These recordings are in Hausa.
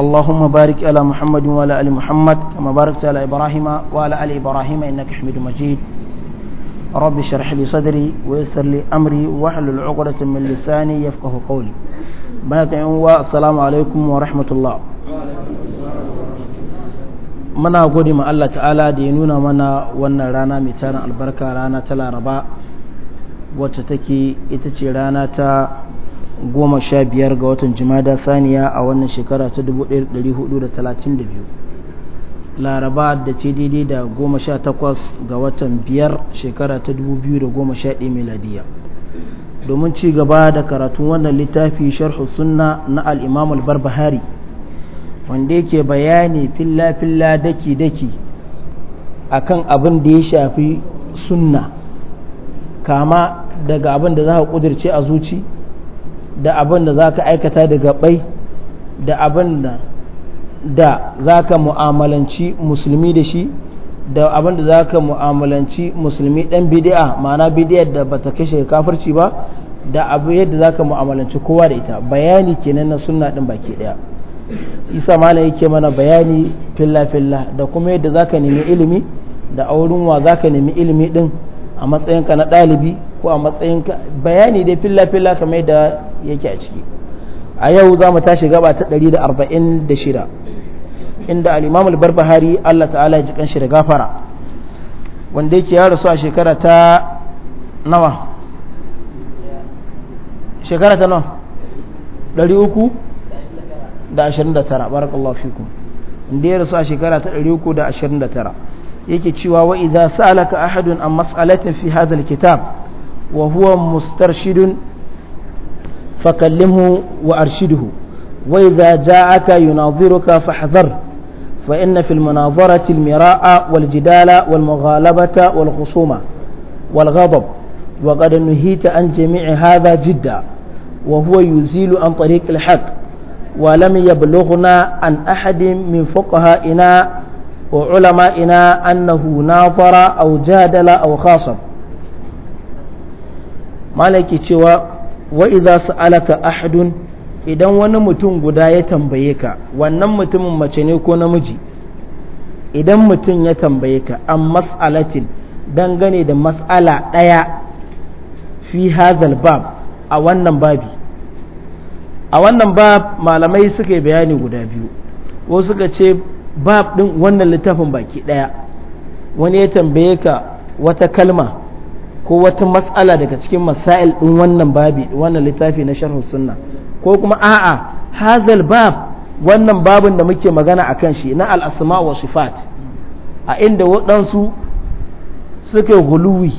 اللهم بارك على محمد وعلى ال محمد كما باركت على ابراهيم وعلى ال ابراهيم انك حميد مجيد رب اشرح لي صدري ويسر لي امري واحلل عقدة من لساني يفقه قولي بارك السلام عليكم ورحمه الله muna gode ma Allah ta'ala da ya nuna mana wannan rana mai tarin albarka rana ta laraba wacce take ita ce rana ta goma sha biyar ga watan jimada saniya a wannan shekara ta 1432 laraba da ce daidai da goma sha takwas ga watan biyar shekara ta 2011 miladiya domin ci gaba da karatun wannan littafi sharhu sunna na al’imamul bar barbahari wanda yake bayani filla-filla daki-daki a kan abin da ya shafi sunna kama daga abin da za a kudirce a zuci da abin da za ka aikata da bai da abin da za ka mu'amalanci musulmi da shi da abin da za ka mu'amalanci musulmi ɗan bidi'a ma'ana bidiyar da ta kashe kafarci ba da abu yadda za ka mu'amalanci kowa da ita bayani kenan na sunna ɗin baki ɗaya isa mana yake mana bayani filla-filla da kuma yadda za ka nemi ilimi da aurin wa za ka nemi ilimi ɗin a matsayinka na ɗalibi ko a matsayinka bayani dai filla-filla kamar da yake a ciki a yau za mu tashi gaba ta 146 inda al'imam al-barbahari Allah ta'ala ya ji shi da gafara wanda yake ya rasu a shekara ta nawa shekara ta nawa 329 barakallahu fikum wanda ya rasu a shekara ta 329 yake cewa wa idan sa'alaka ahadun an mas'alatin fi hadha alkitab wa huwa mustarshidun fakallimhu wa arshiduhu wa idha ja'aka yunadhiruka fahdhar fa inna fil munadharati almira'a wal jidala wal mughalabata wal khusuma wal ghadab wa qad an jami'i hadha jidda wa yuzilu an tariq alhaq wa lam na an ahadin min fuqaha ina ina أنه ناظر أو جادل أو خاصم malaki cewa wa idza sa'alaka ahadun idan wani mutum guda ya tambaye ka wannan mutumin mace ne ko namiji idan mutum ya tambaye ka an mas'alatin dangane da mas'ala ɗaya fi hazal bab a wannan babi a wannan bab malamai suka yi bayani guda biyu wasu suka ce bab din wannan littafin baki ɗaya wani ya tambaye ka wata kalma ko wata matsala daga cikin masail din wannan babi wannan littafi na sharh sunna ko kuma a'a hazal bab wannan babin da muke magana akan shi na al wa sifat a inda waɗansu suka huluwi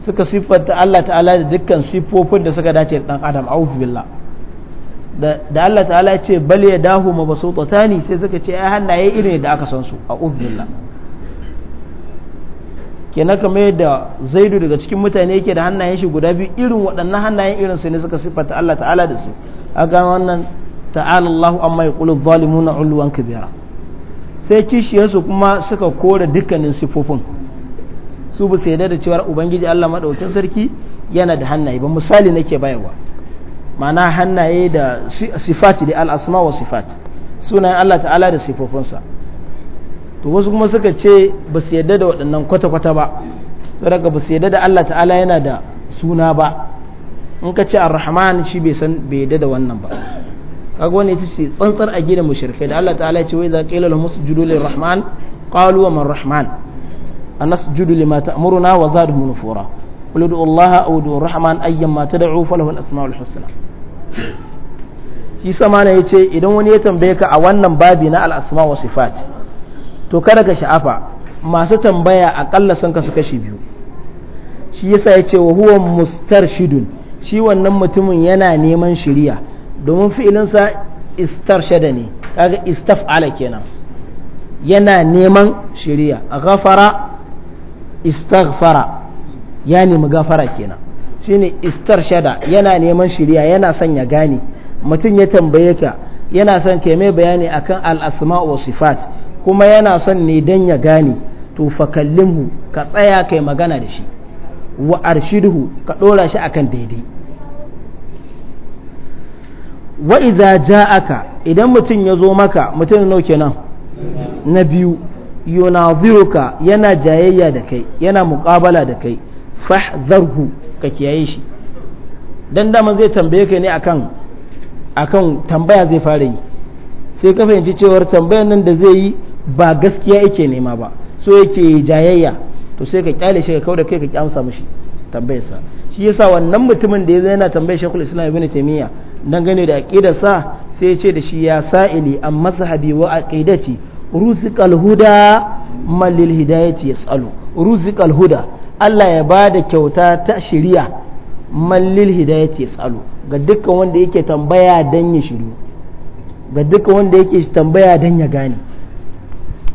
suka siffanta Allah ta'ala da dukkan siffofin da suka dace da dan adam a'udhu billah da Allah ta'ala ya ce bal ya dahu ma basu ni sai suka ce ai hannaye irin da aka san su a ubillah kenan kamar yadda zaidu daga cikin mutane yake da hannayen shi guda biyu irin waɗannan hannaye irin su ne suka siffata Allah ta'ala da su aga wannan ta'ala Allah amma yaqulu zalimuna ulwan kabira sai kishiyarsu kuma suka kore dukkanin siffofin su ba su yarda da cewa ubangiji Allah madaukin sarki yana da hannaye ba misali nake bayarwa ma'ana hannaye da sifati da al'asma wa sifati sunayen Allah ta'ala da sifofinsa to wasu kuma suka ce ba su yadda da waɗannan kwata-kwata ba daga ba su yadda da Allah ta'ala yana da suna ba in ka ce ar-rahman shi bai san bai yadda da wannan ba kaga wani ta ce tsantsar a gina mushrikai da Allah ta'ala ya ce wai za qila lahum sujudu lir-rahman qalu wa man-rahman anasjudu lima ta'muruna wa nufura ud'u rahman ayyamma tad'u falahu al-asma'ul husna shi sama ya ce idan wani ya tambaye ka a wannan babi na al'asma wa sifat to kada ka sha'afa masu tambaya akalla sun kasu kashi biyu shi yasa ya ce wa huwa mustarshidun shi wannan mutumin yana neman shiriya domin fi'ilinsa istarshada ne kaga istaf'ala kenan yana neman shiriya ghafara istaghfara ya nemi gafara kenan shine shada yana neman shirya yana son ya gane mutum ya tambaye ka yana son kai mai bayani akan al wa sifat kuma yana son ne don ya gane to fakallinmu ka tsaya kai magana da shi wa arshiduhu ka ɗora shi akan daidai wa idza ja'aka idan mutum ya zo maka mutum nau kenan na biyu yunaziruka yana jayayya da kai yana mukabala da kai fahzarhu ka kiyaye shi dan dama zai tambaye ka ne akan akan tambaya zai fara yi sai ka fahimci cewar tambayar nan da zai yi ba gaskiya yake nema ba so yake jayayya to sai ka kyale shi ka kauda kai ka kyansa mishi tambayar sa shi yasa wannan mutumin da ya yazo yana tambayar shekul Islam Ibn taimiyya dan gane da aqidar sa sai ya ce da shi ya sa'ili an mazhabi wa aqidati ruziqal huda malil hidayati yasalu ruziqal huda Allah ya ba da kyauta ta shirya mallil hidayati tsalo ga dukkan wanda yake tambaya dan ya shiru ga dukkan wanda yake tambaya dan ya gane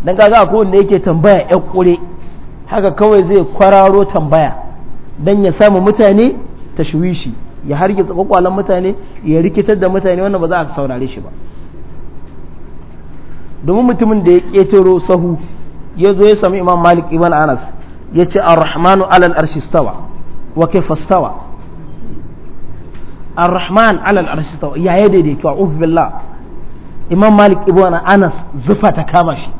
dan kaga ko wanda yake tambaya ya kure haka kawai zai kwararo tambaya dan ya samu mutane ta tashwishi ya hargitsa kwakwalan mutane ya rikitar da mutane wannan ba za a saurare shi ba domin mutumin da ya ƙetaro sahu ya zo ya sami imam malik ibn anas ya ce ar-rahmanu alal arshi wa ke stawa ar alal arshi ya yi daidaito a billah imam malik ana anas zufa ta kama shi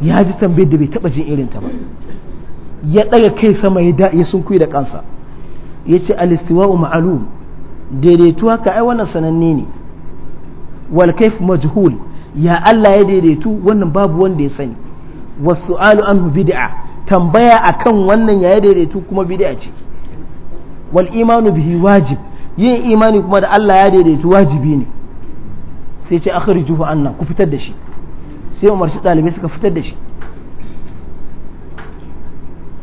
ya ji tambayar da bai taba jin irin ta ba ya daga kai sama ya da sunkuyi da kansa ya ce al-istiwa'u ma'lum daidaituwa ai wannan sananne ne wal kayf majhul ya Allah ya daidaitu wannan babu wanda ya sani wasu alu anhu bid'a tambaya akan wannan ya daidaitu kuma bid'a ce wal imanu bihi wajib yin imani kuma da Allah ya daidaitu wajibi ne sai ce akhrijuhu anna ku fitar da shi sai umar shi dalibai suka fitar da shi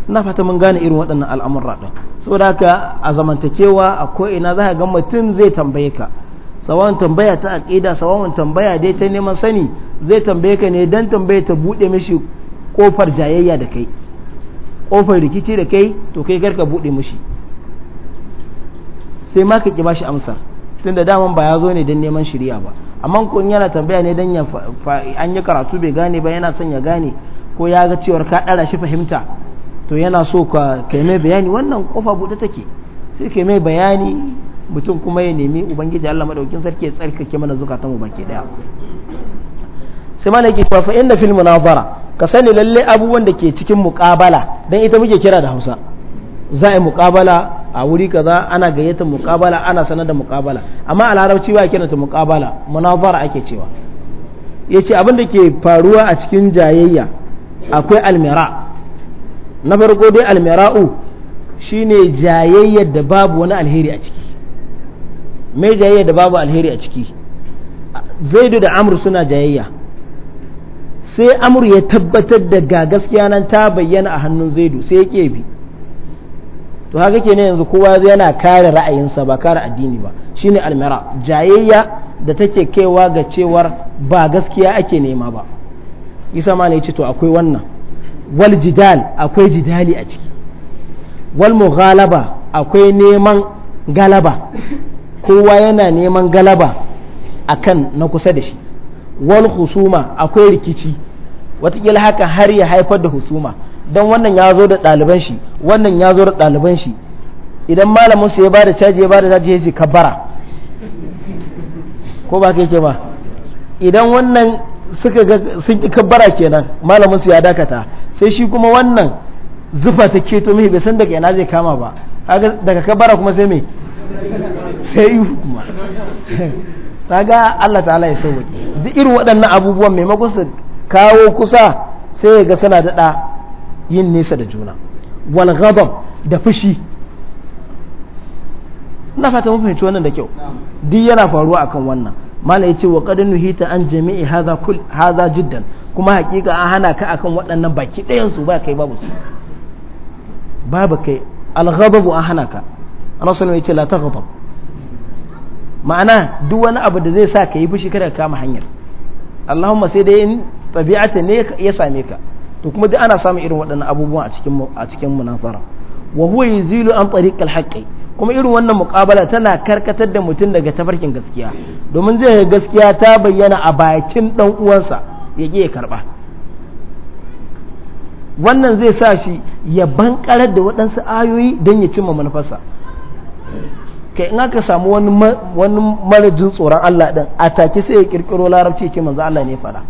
na fata mun gane irin waɗannan al'amurra ɗin saboda haka a zamantakewa a ina za ka ga mutum zai tambaye ka sawan tambaya ta aƙida sawan tambaya dai ta neman sani zai tambaye ka ne don tambaya ta buɗe mishi kofar jayayya da kai kofar rikici da kai to kai karka buɗe mushi sai ma ka kiba shi amsar tunda daman ba ya zo ne don neman shirya ba amma in yana tambaya ne don an yi karatu bai gane ba yana son ya gane ko ya ga cewar ka ɗara shi fahimta to yana so ka kai mai bayani wannan kofa buɗe take sai kai mai bayani mutum kuma ya nemi ubangiji Allah madaukin sarki ya tsarkake mana zukatan mu baki daya sai malaki fa fa inna fil munazara ka sani lalle abubuwan da ke cikin muƙabala don ita muke kira da hausa za a yi muƙabala a wuri kaza ana gayyata muƙabala ana sanar da muƙabala amma a larabci ba kiranta muƙabala munazara ake cewa ya ce abin da ke faruwa a cikin jayayya akwai almira na farko dai almira'u shine jayayyar da babu wani alheri a ciki mai jayayyar da babu alheri a ciki zaidu da amur suna jayayya sai amur ya tabbatar da ga gaskiya nan ta bayyana a hannun zaidu sai ya ke bi to haka ke ne yanzu kowa yana kare ra'ayinsa ba kare addini ba shine almira jayayya da take kaiwa ga cewar ba gaskiya ake nema ba isa ma ne ce to akwai wannan wal jidal akwai jidali a ciki wal mughalaba akwai neman galaba kowa yana neman galaba akan na kusa da shi wal husuma akwai rikici watakila haka har ya haifar da husuma don wannan ya zo da ɗaliban shi wannan ya zo da ɗaliban shi idan malamin su ya ba da caji ya ba da caji ya ce bara ko ba ka yake ba idan wannan suka ga sun ki kabbara kenan malamin su ya dakata sai shi kuma wannan zufa ta keto mai bai san daga ina zai kama ba daga kabbara kuma sai me sai yi kuma ta ga Allah ta'ala ya sauwaki duk irin waɗannan abubuwan maimakon su kawo kusa sai ya ga suna daɗa yin nesa da juna wal ghadab da fushi na fata mun fahimci wannan da kyau duk yana faruwa akan wannan mala yace wa qad nuhita an jami'i hadha kul hadha jiddan kuma hakika an hana ka akan waɗannan baki ɗayan su ba kai babu su babu kai al ghadab an hana ka Allah sallallahu yace la taghdab ma'ana duk wani abu da zai sa ka yi fushi kada ka kama hanyar Allahumma sai dai in Tabi'ata ne ya same ka to kuma duk ana samun irin waɗannan abubuwan a cikin a cikin munafara wa huwa yuzilu an tariqal haqqi kuma irin wannan muqabala tana karkatar da mutum daga tafarkin gaskiya domin zai ga gaskiya ta bayyana a bakin dan uwansa ya ya karba wannan zai sa shi ya bankarar da waɗansu ayoyi don ya cimma manufarsa kai in aka samu wani wani marajin tsoron Allah din a take sai ya kirkiro larabci ce manzo Allah ne fara.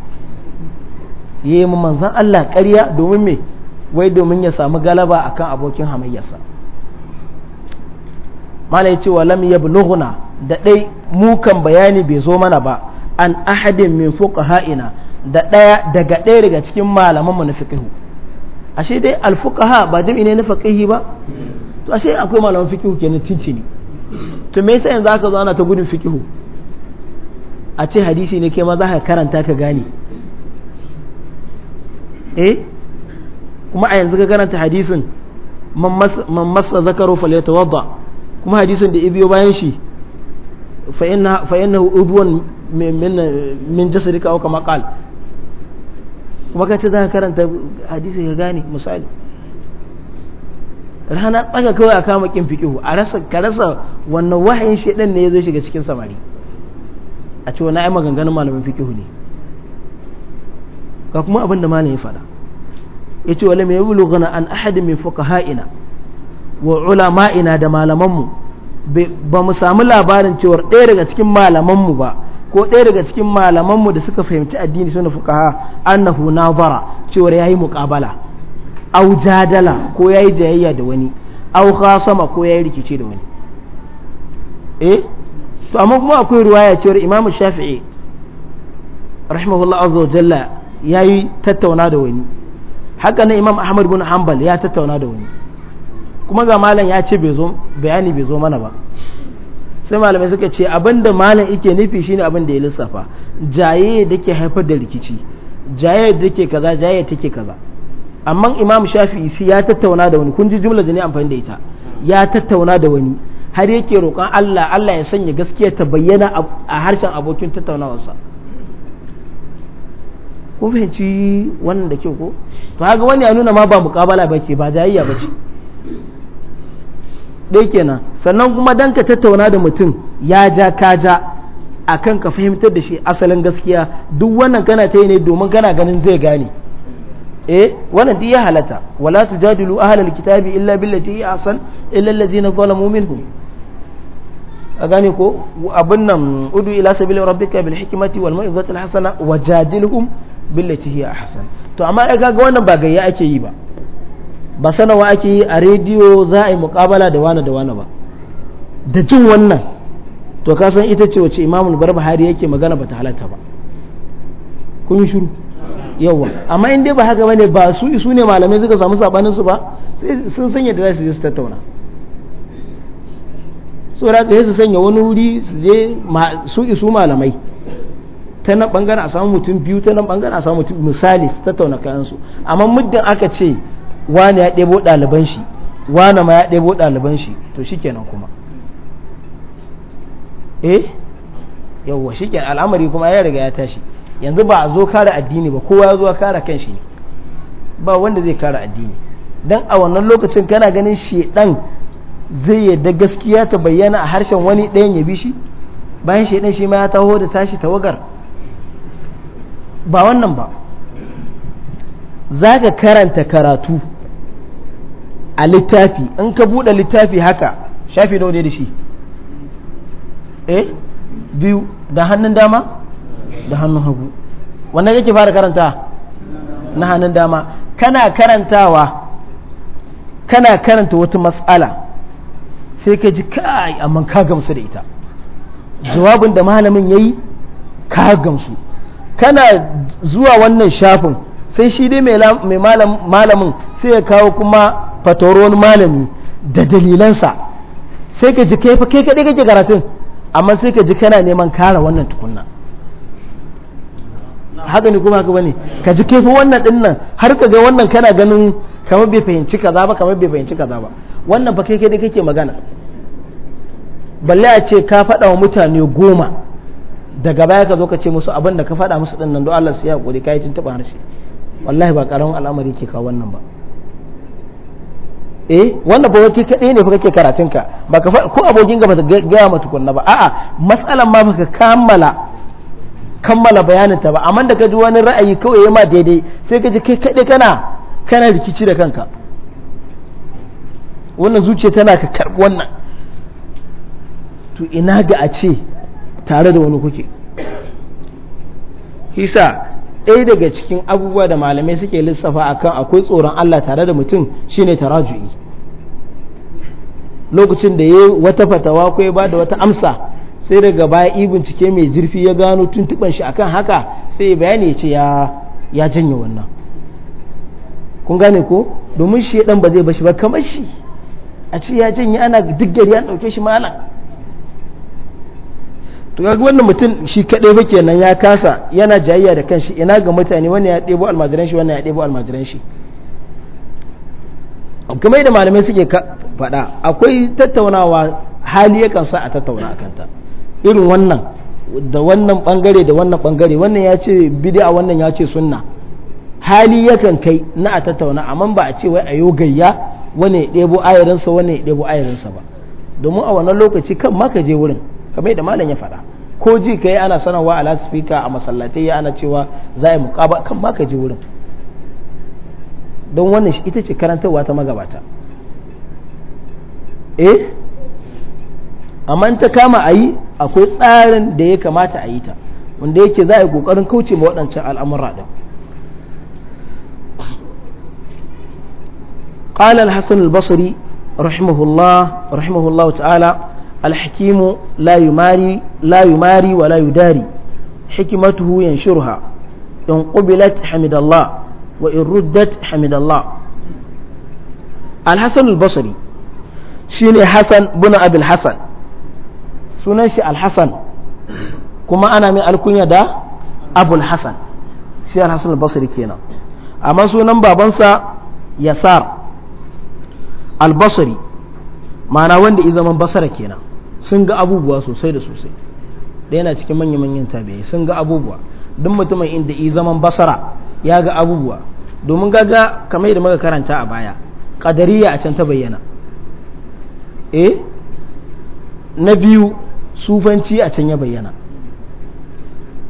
ya yi manzan Allah ƙarya domin me wai domin ya samu galaba akan abokin hamayyarsa mala ce wa lam yablughuna da ɗai mukan bayani bai zo mana ba an ahadin min ha'ina da ɗaya daga ɗaya daga cikin malaman mu na fiqh ashe dai alfuka ha ba jami ne na fiqh ba to ashe akwai malaman fiqh kenan tintini to me yasa yanzu aka zo ana ta gudun fiqh a ce hadisi ne kai ma za ka karanta ka gane eh kuma a yanzu ka karanta hadisin man masa zakaru wadda kuma hadisin da ibiyo bayan shi fa inna fa innahu udwan min min jasadika aw kama qal kuma ce za ka karanta hadisi ka gane misali rana tsaka kawai a kama kin fiƙihu a rasa ka rasa wannan wahayin shedan ne ya zo shiga cikin samari a ce wani ai maganganun malamin fiƙihu ne ga kuma abin da malamin ya faɗa yace wala mai gana an ahadin min fuqaha'ina wa ulama'ina da malamanmu ba mu samu labarin cewar ɗaya daga cikin malamanmu ba ko ɗaya daga cikin malamanmu da suka fahimci addini suna fuqaha annahu nazara cewar yayi muqabala aw jadala ko yayi jayayya da wani aw khasama ko yayi rikici da wani eh to amma kuma akwai ya cewar Imam Shafi'i rahimahullah azza wa jalla yayi tattauna da wani haka na imam ahmad bin hanbal ya tattauna da wani kuma ga malam ya ce bayani bai zo mana ba sai malamai suka ce abinda malam ike nufi shine abin da ya lissafa jaye da ke haifar da rikici jaye da ke kaza jaye take kaza amma imam shafi'i isi ya tattauna da wani kun ji jumla da ne amfani da ita ya tattauna da wani har yake roƙon Allah Allah ya sanya gaskiya ta bayyana a harshen abokin tattaunawarsa kun fahimci wannan da kyau ko to haka wani ya nuna ma ba mukabala ba ke ba jayayya ba ce ɗaya kenan sannan kuma dan ka tattauna da mutum ya ja ka ja akan ka fahimtar da shi asalin gaskiya duk wannan kana ta yi ne domin kana ganin zai gane eh wannan duk ya halata wala tujadilu ahlal kitabi illa billati hi ahsan illa allazina zalamu minhum a gane ko abin nan udu ila sabilin rabbika bil hikmati wal mau'izati hasana wajadilhum billati hiya ahsan to amma ai kaga wannan ba gayya ake yi ba ba sanawa ake yi a rediyo za a yi mukabala da wani da wani ba da jin wannan to ka ita ce wace imamul barbahari yake magana bata halatta ba kun yi shiru yawa amma in dai ba haka bane ba su isu ne malamai suka samu sabanin su ba sun sanya da za su je su tattauna saboda ka su sanya wani wuri su je su isu malamai ta nan bangaren a samu mutum biyu ta nan bangaren a samu mutum misali su tattauna kayansu amma muddin aka ce wani ya ɗebo ɗaliban shi wani ma ya ɗebo ɗaliban shi to shikenan kuma eh yawwa kenan al'amari kuma ya riga ya tashi yanzu ba a zo kare addini ba kowa ya zo kare kan shi ne ba wanda zai kare addini dan a wannan lokacin kana ganin shedan zai yadda gaskiya ta bayyana a harshen wani ɗayan ya bi shi bayan shedan shi ma ya taho da tashi tawagar ba wannan ba za ka karanta karatu a littafi in ka buɗe littafi haka shafi da ne da shi eh biyu da hannun dama da hannun hagu wannan yake fara karanta na hannun dama kana karantawa kana karanta wata matsala sai ka ji kai amma ka gamsu da ita jawabin da malamin ya yi ka gamsu kana zuwa wannan shafin sai shi dai mai malamin sai ya kawo kuma fatoron malami da dalilansa sai ka ji kai fa kai kaɗai kake karatun amma sai ka ji kana neman kara wannan tukunna haka ne kuma haka bane ka ji kai fa wannan dinnan nan har ka ga wannan kana ganin kamar bai fahimci kaza ba kamar bai fahimci kaza ba wannan fa kai kaɗai kake magana balle a ce ka faɗa wa mutane goma daga baya ka zo ka ce musu abin da ka faɗa musu ɗin nan don Allah su yi haƙuri ka yi tun taɓa harshe wallahi ba ƙaramin al'amari ke kawo wannan ba eh wannan ba kai kaɗai ne fa kake karatunka ba ka ko abokin gaba ta gaya ma tukunna ba a'a matsalan ma baka kammala kammala bayanin ta ba amma da ka ji wani ra'ayi kawai ya ma daidai sai ka ji kai kaɗai kana kana rikici da kanka wannan zuciya tana ka karɓi wannan to ina ga a ce tare da wani kuke hisa ɗaya daga cikin abubuwa da malamai suke lissafa akan akwai tsoron Allah tare da mutum shine taraju'i lokacin da ya wata fatawa ko ya bada wata amsa sai daga baya yi bincike mai zurfi ya gano tuntuban shi akan haka sai bayani ya ce ya janye wannan kun gane ko domin shi dan ba zai bashi ba kamar shi a ce ya janye ana duk gari an dauke shi malam to ga wannan mutum shi kadai ba kenan ya kasa yana jayayya da kanshi ina ga mutane wani ya debo almajiran shi wani ya debo almajiran shi kuma da malamai suke faɗa akwai tattaunawa hali kan sa a tattauna a kanta irin wannan da wannan bangare da wannan bangare wannan ya ce bid'a wannan ya ce sunna hali kan kai na a tattauna amma ba a ce wai a yogayya wani ɗebo ayarinsa wani ɗebo ayarinsa ba domin a wannan lokaci kan ma ka je wurin kamar yadda malam ya faɗa ko ji kai ana sanarwa a lasifika a masallatai ya ana cewa za a yi muƙaba kan baka ji wurin don wannan ita ce karantarwa ta magabata eh amma ta kama a yi akwai tsarin da ya kamata a yi ta wanda yake za a yi ƙoƙarin kauce ma waɗancan al'amura ɗin قال الحسن البصري رحمه الله رحمه الله تعالى alhakimu la yumari wa la yudari hikimatuhu yan shirha in ƙubilat hamidallah wa in ruddat hamidallah alhassan al-basri shi ne hassan buna abin hassan sunan shi alhassan kuma ana min alkunya da abul hassan shi alhassan al kenan amma sunan babansa yasar al mana wanda wanda izaman basara kenan sun ga abubuwa sosai da sosai da yana cikin manya-manyan tabi'ai sun ga abubuwa duk mutumin inda i zaman basara ya ga abubuwa domin gaga kamar da muka karanta a baya kadariya a can ta bayyana eh na biyu sufanci a can ya bayyana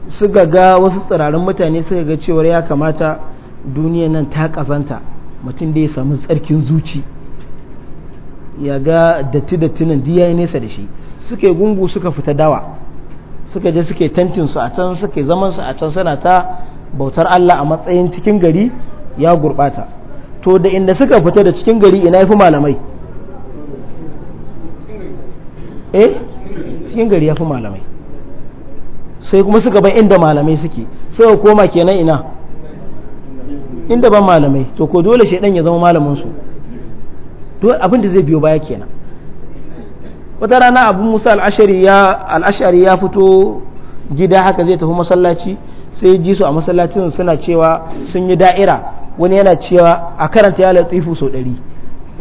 suka ga wasu tsirarin mutane suka ga cewar ya kamata duniya nan ta kazanta mutum da ya samu tsarkin zuci ya ga datti datti nan diya ya nesa da shi suke gungu suka fita dawa suka je suke tantin su a can suke zaman su a can suna ta bautar Allah a matsayin cikin gari ya gurbata to da inda suka fita da cikin gari ina yafi malamai eh cikin gari yafi malamai sai kuma suka bar inda malamai suke sai koma kenan ina inda ban malamai to ko dole shedan ya zama malamin su abin da zai biyo baya kenan wata rana abu musa al'ashari ya fito gida haka zai tafi masallaci sai ji su a masallacin suna cewa sun yi da'ira wani yana cewa a karanta ya latsifu sau ɗari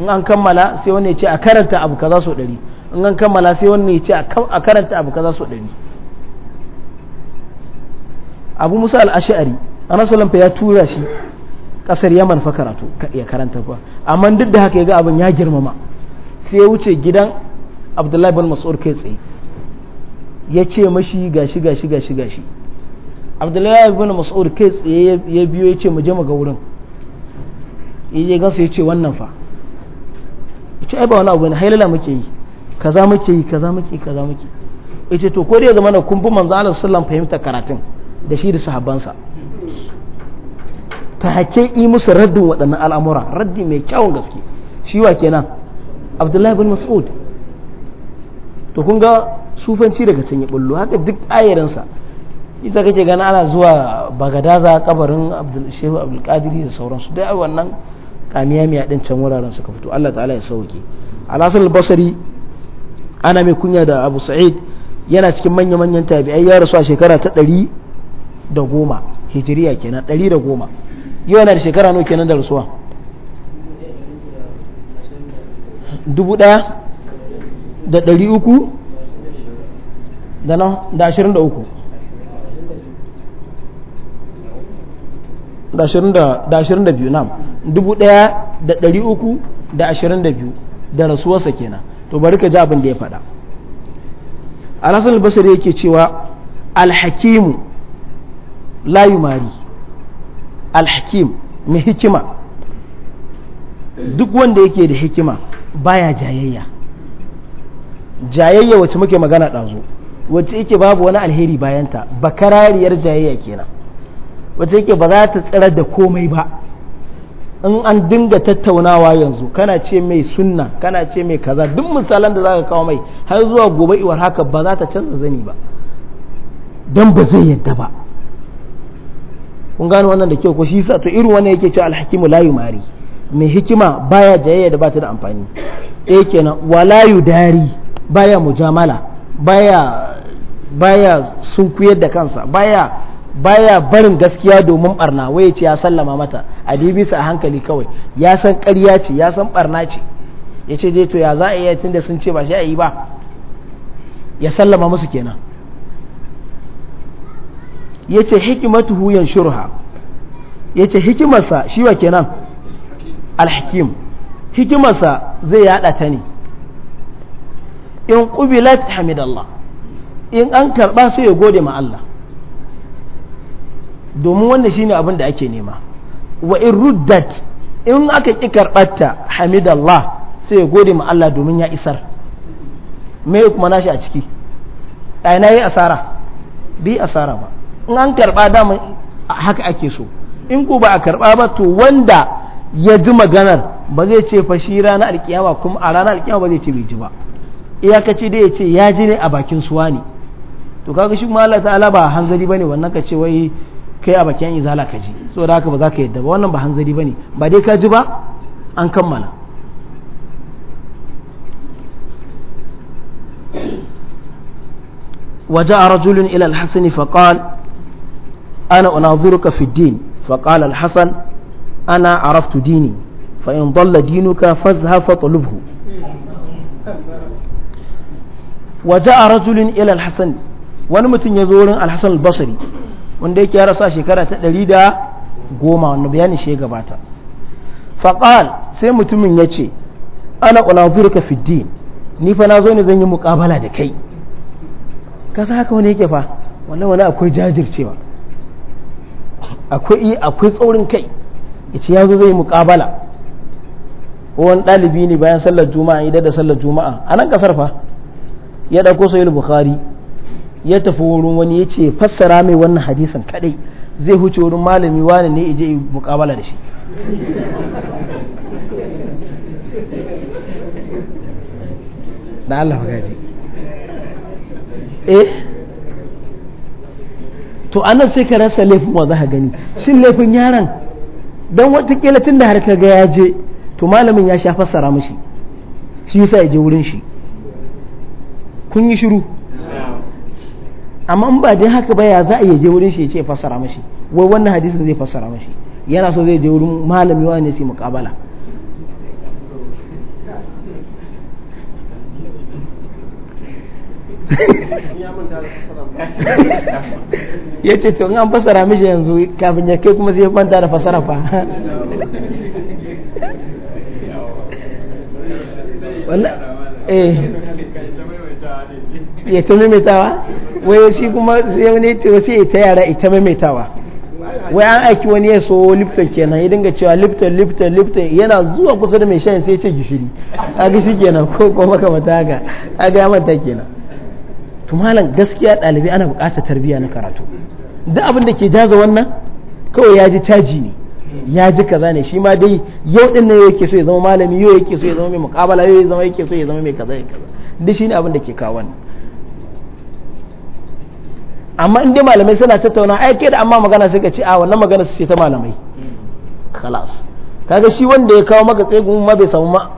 in an kammala sai wani ya ce a karanta abu kaza sau ɗari in an kammala sai wani ya ce a karanta abu kaza sau ɗari abu musa al'ashari anasalan fa ya tura shi kasar yaman fa karatu ya karanta ba amma duk da haka ya ga abin ya girmama sai ya wuce gidan abdullahi bin mas'ud kai tsaye ya ce mashi gashi gashi gashi gashi abdullahi bin mas'ud kai tsaye ya biyo ya ce maje maga mu ga wurin ya je gansu ya ce wannan fa ya ce ai ba wani abu ne hailala muke yi kaza muke yi kaza muke yi kaza muke ya ce to ko dai zama na kun bi manzo Allah fahimta karatun da shi da sahabbansa ta hake yi musu raddin waɗannan al'amura raddi mai kyawun gaske shi wa kenan abdullahi bin mas'ud to kun ga sufanci daga can ya bullo haka duk ayarinsa ita kake gana ana zuwa bagadaza kabarin shehu abdulkadiri da sauransu dai wannan kamiya miya din can wuraren suka fito Allah ta'ala ya sauke alhassan basari ana mai kunya da abu sa'id yana cikin manya-manyan tabi'ai ya rasu a shekara ta ɗari da goma hijiriya kenan ɗari da goma yau yana da shekara nawa kenan da rasuwa dubu ɗaya da rasuwarsa kenan to bari ka ji abin da ya faɗa alhasan albasari yake cewa alhakimu la yumari alhakim mai hikima duk wanda yake da hikima baya jayayya jayayya wacce muke magana ɗazu wacce yake babu wani alheri bayanta bakarariyar jayayya kenan wacce yake ba za ta tsira da komai ba in an dinga tattaunawa yanzu kana ce mai sunna kana ce mai kaza duk misalan da za ka kawo mai har zuwa gobe iwar haka ba za ta canza zani ba don ba zai yadda ba kun gano wannan da kyau ko shi sa to irin wannan yake ce alhakimu layu mari mai hikima baya jayayya da bata da amfani eh kenan wa layu dari baya mujamala baya baya sunkuyar da kansa baya baya barin gaskiya domin barna waye ce ya sallama mata a bisa a hankali kawai ya san ƙarya ce ya san barna ce ya ce je to ya za a iya da sun ce ba shi a yi ba ya sallama musu kenan ya ce huyan yanshurha ya ce hikimarsa shi wa kenan alhakim hikimarsa zai yada ta ne in qubilat hamidallah in an karba sai ya gode ma Allah domin wannan shine abin da ake nema wa in ruddat in aka ki karbatta hamidallah sai ya gode ma Allah domin ya isar me kuma nashi a ciki a ina yi asara bi asara ba in an karba dama haka ake so in ko ba a karba ba to wanda ya ji maganar ba zai ce fashi ranar alkiyama kuma a ranar alkiyama ba zai ce bai ji ba iyakaci da ya ce ya ji ne a bakin suwa ne to kaga shi kuma Allah ta'ala ba hanzari bane wannan ka ce wai kai a bakin izala ka ji saboda haka ba za ka yadda ba wannan ba hanzari bane ba dai ka ji ba an kammala وجاء رجل إلى الحسن فقال أنا أناظرك في الدين فقال الحسن أنا عرفت ديني فإن ضل دينك فاذهب فاطلبه wa a rajulun ila al wani mutum ya zo wurin al-hasan al-basri wanda yake ya rasa shekara ta 110 wannan bayani shi gabata faƙal sai mutumin ya ce ana unadhiruka fi din ni fa na zo ne zan yi muƙabala da kai ka sa haka wani yake fa wani akwai jajircewa akwai akwai tsaurin kai yace ya zo zai yi muƙabala wani ɗalibi ne bayan sallar juma'a idan da sallar juma'a a nan kasar fa ya ɗauko sahih bukhari ya tafi wurin wani ya ce fassara mai wannan hadisin kadai zai huce wurin malami wani ne ije mukabala da shi na Allah gadi eh to anan sai ka rasa laifin wa za ka gani shin laifin yaron don watakila tun da har ka ga ya je to malamin ya sha fassara mishi shi yasa ya je wurin shi kun yi shiru amma in ba dai haka ba ya za a iya je wurin shi ya ce fassara mashi wai wannan hadisin zai fassara mashi yana so zai je wurin malami wa ne su muqabala ya ce to an fassara mashi yanzu kafin ya kai kuma sai ya manta da fassara fa eh ya ta maimaitawa wai shi kuma ya wani cewa sai ta yara ita maimaitawa wai an aiki wani ya so lipton kenan ya dinga cewa lipton lipton lipton yana zuwa kusa da mai shayin sai ce gishiri a gishi kenan ko ko maka mata haka a ga manta kenan to malam gaskiya dalibi ana buƙatar tarbiyya na karatu duk abin da ke jaza wannan kawai ya ji caji ne ya ji kaza ne shi ma dai yau din ne yake so ya zama malami yau yake so ya zama mai mukabala yau yake so ya zama mai kaza ya kaza duk ne abin da ke kawo wannan amma in dai malamai suna tattauna ai kai da amma magana sai ka ce a wannan magana su ce ta malamai khalas kaga shi wanda ya kawo maka tsegun ma bai samu ma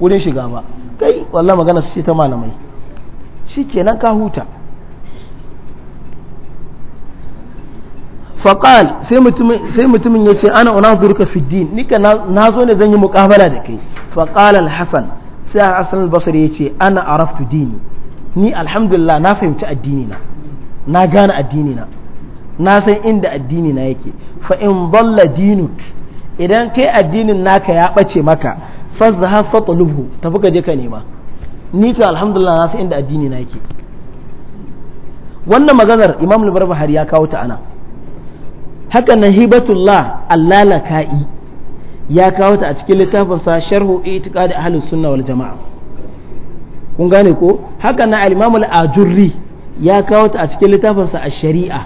wurin shiga ba kai wallah magana su ce ta malamai shikenan ka huta faqal sai mutumin sai mutumin yace ana unadhuruka fi din nika na zo ne zan yi muqabala da kai faqal al-hasan sai al-hasan al-basri yace ana araftu dini ni alhamdulillah na fahimci addini na na gane addini na na san inda addini na yake fa in dalla dinuk idan kai addinin naka ya bace maka fazzaha fatlubhu tafi ka je ka nema ni ka alhamdulillah na san inda addini na yake wannan maganar imam al-barbahari ya kawo ta ana haka na hibatullah allalaka'i ya kawo ta a cikin littafin sa sharhu itiqad ahlus sunna wal jamaa kun gane ko haka na al-imam al-ajurri ya kawo ta a cikin littafinsa a shari'a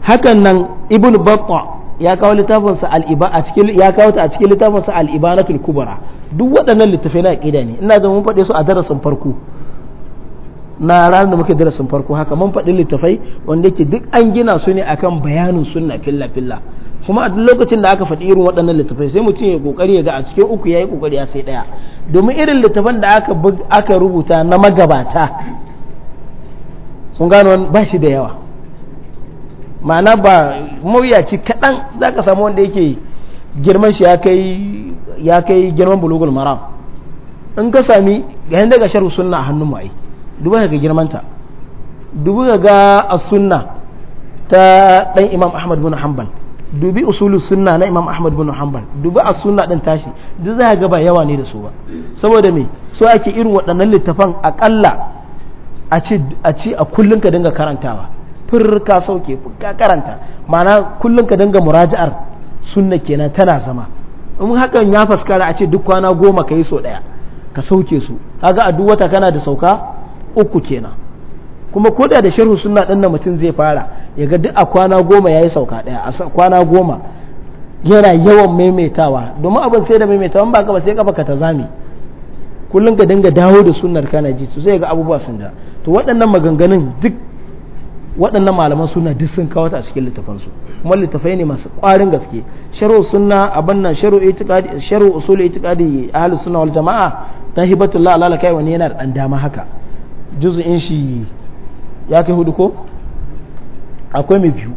hakan nan ibn batta ya kawo littafinsa al'iba a cikin ya kawo ta a cikin littafinsa al'ibanatul kubra duk waɗannan littafai na aqida ne ina da mun faɗe su a darasin farko na ranar da muke darasin farko haka mun faɗi littafai wanda yake duk an gina su ne akan bayanin sunna filla filla kuma a duk lokacin da aka faɗi irin waɗannan littafai sai mutum ya kokari ya ga a cikin uku yayi kokari ya sai ɗaya domin irin littafan da aka rubuta na magabata sun gano ba shi da yawa ma'ana ba mawuyaci kaɗan za ka samu wanda yake girman shi ya kai girman bulugul maram in ka sami ga yadda ga sharu sunna a hannun ma'ai dubu ga girmanta dubu ga a sunna ta ɗan imam ahmad bin hanbal dubi usulu sunna na imam ahmad bin hanbal dubi a sunna ɗin tashi duk za ga ba yawa ne da su ba saboda me so ake irin waɗannan littafan akalla a ci a kullum ka dinga karantawa fir ka sauke ka karanta ma'ana kullum ka dinga muraja'ar sunna kenan tana zama in hakan ya faskara a ce duk kwana goma ka yi so ɗaya ka sauke su kaga a duk wata kana da sauka uku kenan kuma ko da da sharhu sunna din nan mutum zai fara ya ga duk a kwana goma yayi sauka ɗaya a kwana goma yana yawan maimaitawa domin abin sai da maimaitawa ba ka ba sai ka ta zame kullum ka dinga dawo da sunnar kana ji to sai ga abubuwa sun da to waɗannan maganganun duk waɗannan malaman suna duk sun kawo ta a cikin littafansu kuma littafai ne masu ƙwarin gaske sharu sunna abin nan sharu itiqadi sharu usul itiqadi ahlus sunna wal jamaa ta hibatullah alal kai wani yana da dama haka juz'in shi ya kai hudu ko akwai mai biyu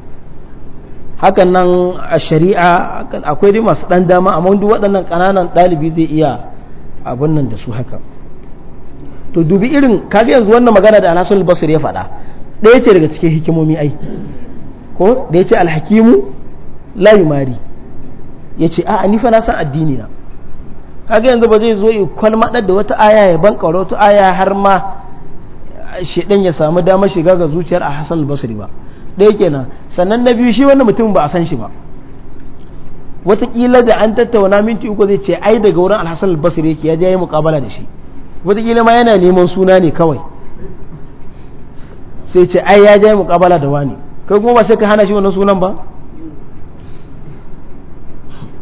hakan nan a shari'a akwai dai masu dan dama amma duk waɗannan ƙananan ɗalibi zai iya abin nan da su haka to dubi irin kaji yanzu wannan magana da alhassan basir ya faɗa ɗaya ce daga cikin hikimomi ai ko da ya ce alhakimu la yumari ya ce a ni na san addini na kaga yanzu ba zai zo ya kwalmaɗar da wata aya ya ban ƙaura wata aya har ma shedan ya samu damar shiga ga zuciyar a hassan basri ba ɗaya kenan sannan na biyu shi wannan mutum ba a san shi ba watakila da an tattauna minti uku zai ce ai daga wurin alhassan albasri yake ya je ya yi mukabala da shi watakila ma yana neman suna ne kawai sai ce ai ya je mukabala da wani kai kuma ba sai ka hana shi wannan sunan ba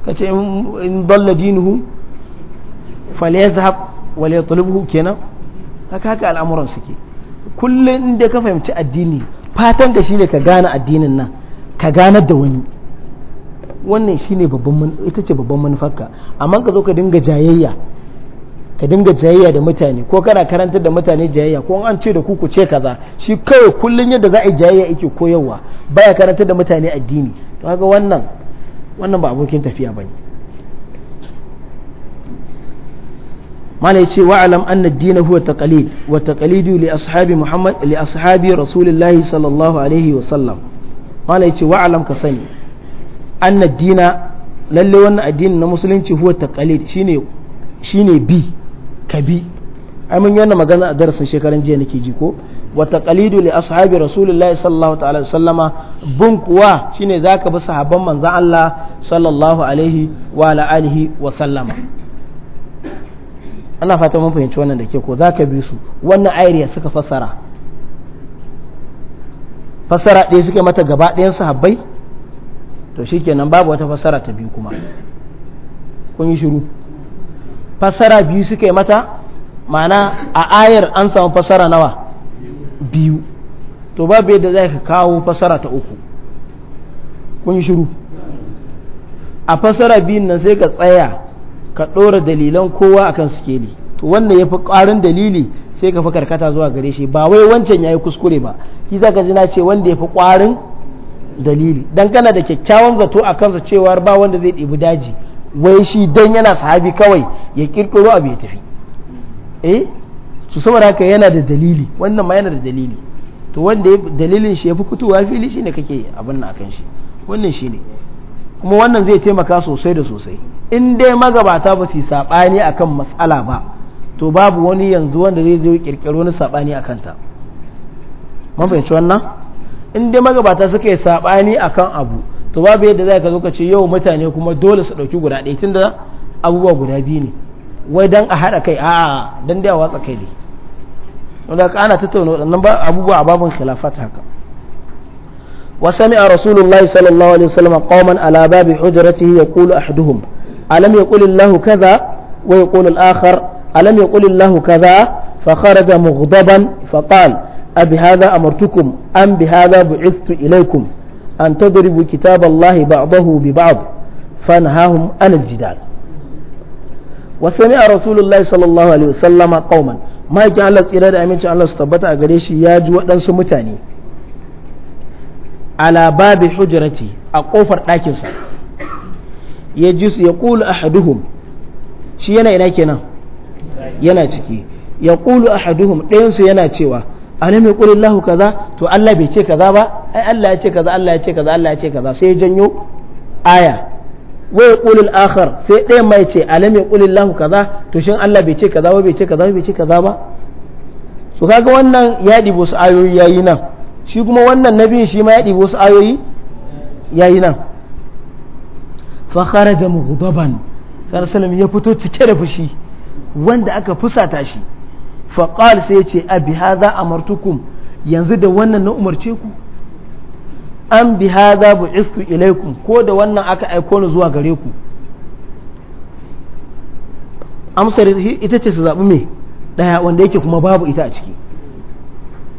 ka ce in dalla dinuhu falyazhab wal yatlubhu kenan haka haka al'amuran suke kullum inda ka fahimci addini fatan ka shine ka gane addinin nan ka ganar da wani wannan shine babban ita ce babban manufarka amma ka zo ka dinga jayayya ka dinga jayayya da mutane ko kana karantar da mutane jayayya ko an ce da ku ku ce kaza shi kawai kullun yadda za a yi jayayya yake koyarwa baya karantar da mutane addini to kaga wannan wannan ba abokin tafiya bane mala yace wa alam anna ad-din huwa taqlid wa taqlidu li ashabi muhammad li ashabi rasulillahi sallallahu alaihi wa sallam mala yace wa alam ka sani an dina lalle wannan addini na musulunci huwa taqalid shine shine bi ka bi ai mun yi wannan magana a darasin shekaran jiya nake ji ko wa taqalidu li ashabi rasulillahi sallallahu ta'ala sallama bun kuwa shine zaka bi sahabban manzon Allah sallallahu alaihi wa ala alihi wa sallama ana fata mun fahimci wannan da ke ko zaka bi su wannan ayriya suka fassara fassara ɗaya suka mata gaba ɗayan sahabbai to shikenan babu wata fassara ta biyu kuma kun yi shiru fassara biyu suka yi mata mana a ayar an samu fassara nawa biyu to babu yadda zai ka kawo fassara ta uku kun yi shiru a fassara biyun nan sai ka tsaya ka ɗora dalilan kowa akan sikeli to wanda ya fi ƙwarin dalili sai ka fi karkata zuwa gare shi ba wai wancan ya yi kuskure ba kisa za ka ji na ce wanda ya fi ƙwarin dalili dan kana da kyakkyawan zato a kansa cewa ba wanda zai ɗibi daji wai shi dan yana sahabi kawai ya kirkiro abu ya tafi eh su saboda haka yana da dalili wannan ma yana da dalili to wanda dalilin shi ya fi fitowa fili shine kake abin na kan shi wannan shine kuma wannan zai taimaka sosai da sosai in dai magabata ba su saɓani akan matsala ba to babu wani yanzu wanda zai zo kirkiro wani saɓani akan ta mun fahimci wannan in dai magabata suka yi sabani akan abu to babu yadda zai ka zo yau mutane kuma dole su dauki guda ɗaya tunda abubuwa guda biyu ne wai dan haɗa kai a'a dan dai a watsa kai ne wanda ka ana tattauna waɗannan abubuwa a babin khilafat haka wa sami'a rasulullahi sallallahu alaihi wasallam qauman ala babi hujratihi yaqulu ahduhum alam yaqul allahu kaza wa yaqul al akhar alam yaqul allahu kaza fa kharaja mughdaban fa qala أبهذا أمرتكم أم بهذا بعثت إليكم أن تضربوا كتاب الله بعضه ببعض فنهاهم عن الجدال وسمع رسول الله صلى الله عليه وسلم قوما ما كان الله tsira da amincin Allah su tabbata a gare shi ya ji waɗansu mutane ala babi hujrati a ƙofar ɗakinsa ya ya ƙulu ahaduhum shi yana ina kenan yana ciki ya ɗayansu yana cewa alam yaqul Allahu kaza to Allah bai ce kaza ba ai Allah ya ce kaza Allah ya ce kaza Allah ya ce kaza sai ya janyo aya wai yaqul al-akhar sai ɗayan mai ce alam yaqul Allahu kaza to shin Allah bai ce kaza ba bai ce kaza ba bai ce kaza ba to kaga wannan ya dibo su ayoyi yayi nan shi kuma wannan nabi shi ma ya dibo su ayoyi yayi nan fa kharaja mughdaban sallallahu ya fito cike da fushi wanda aka fusata shi faƙal sai ce a bi haza amartukum yanzu da wannan na umarce ku an bi haza bu istu ilaikum ko da wannan aka aiko ni zuwa gare ku amsar ita ce su zaɓi me ɗaya wanda yake kuma babu ita a ciki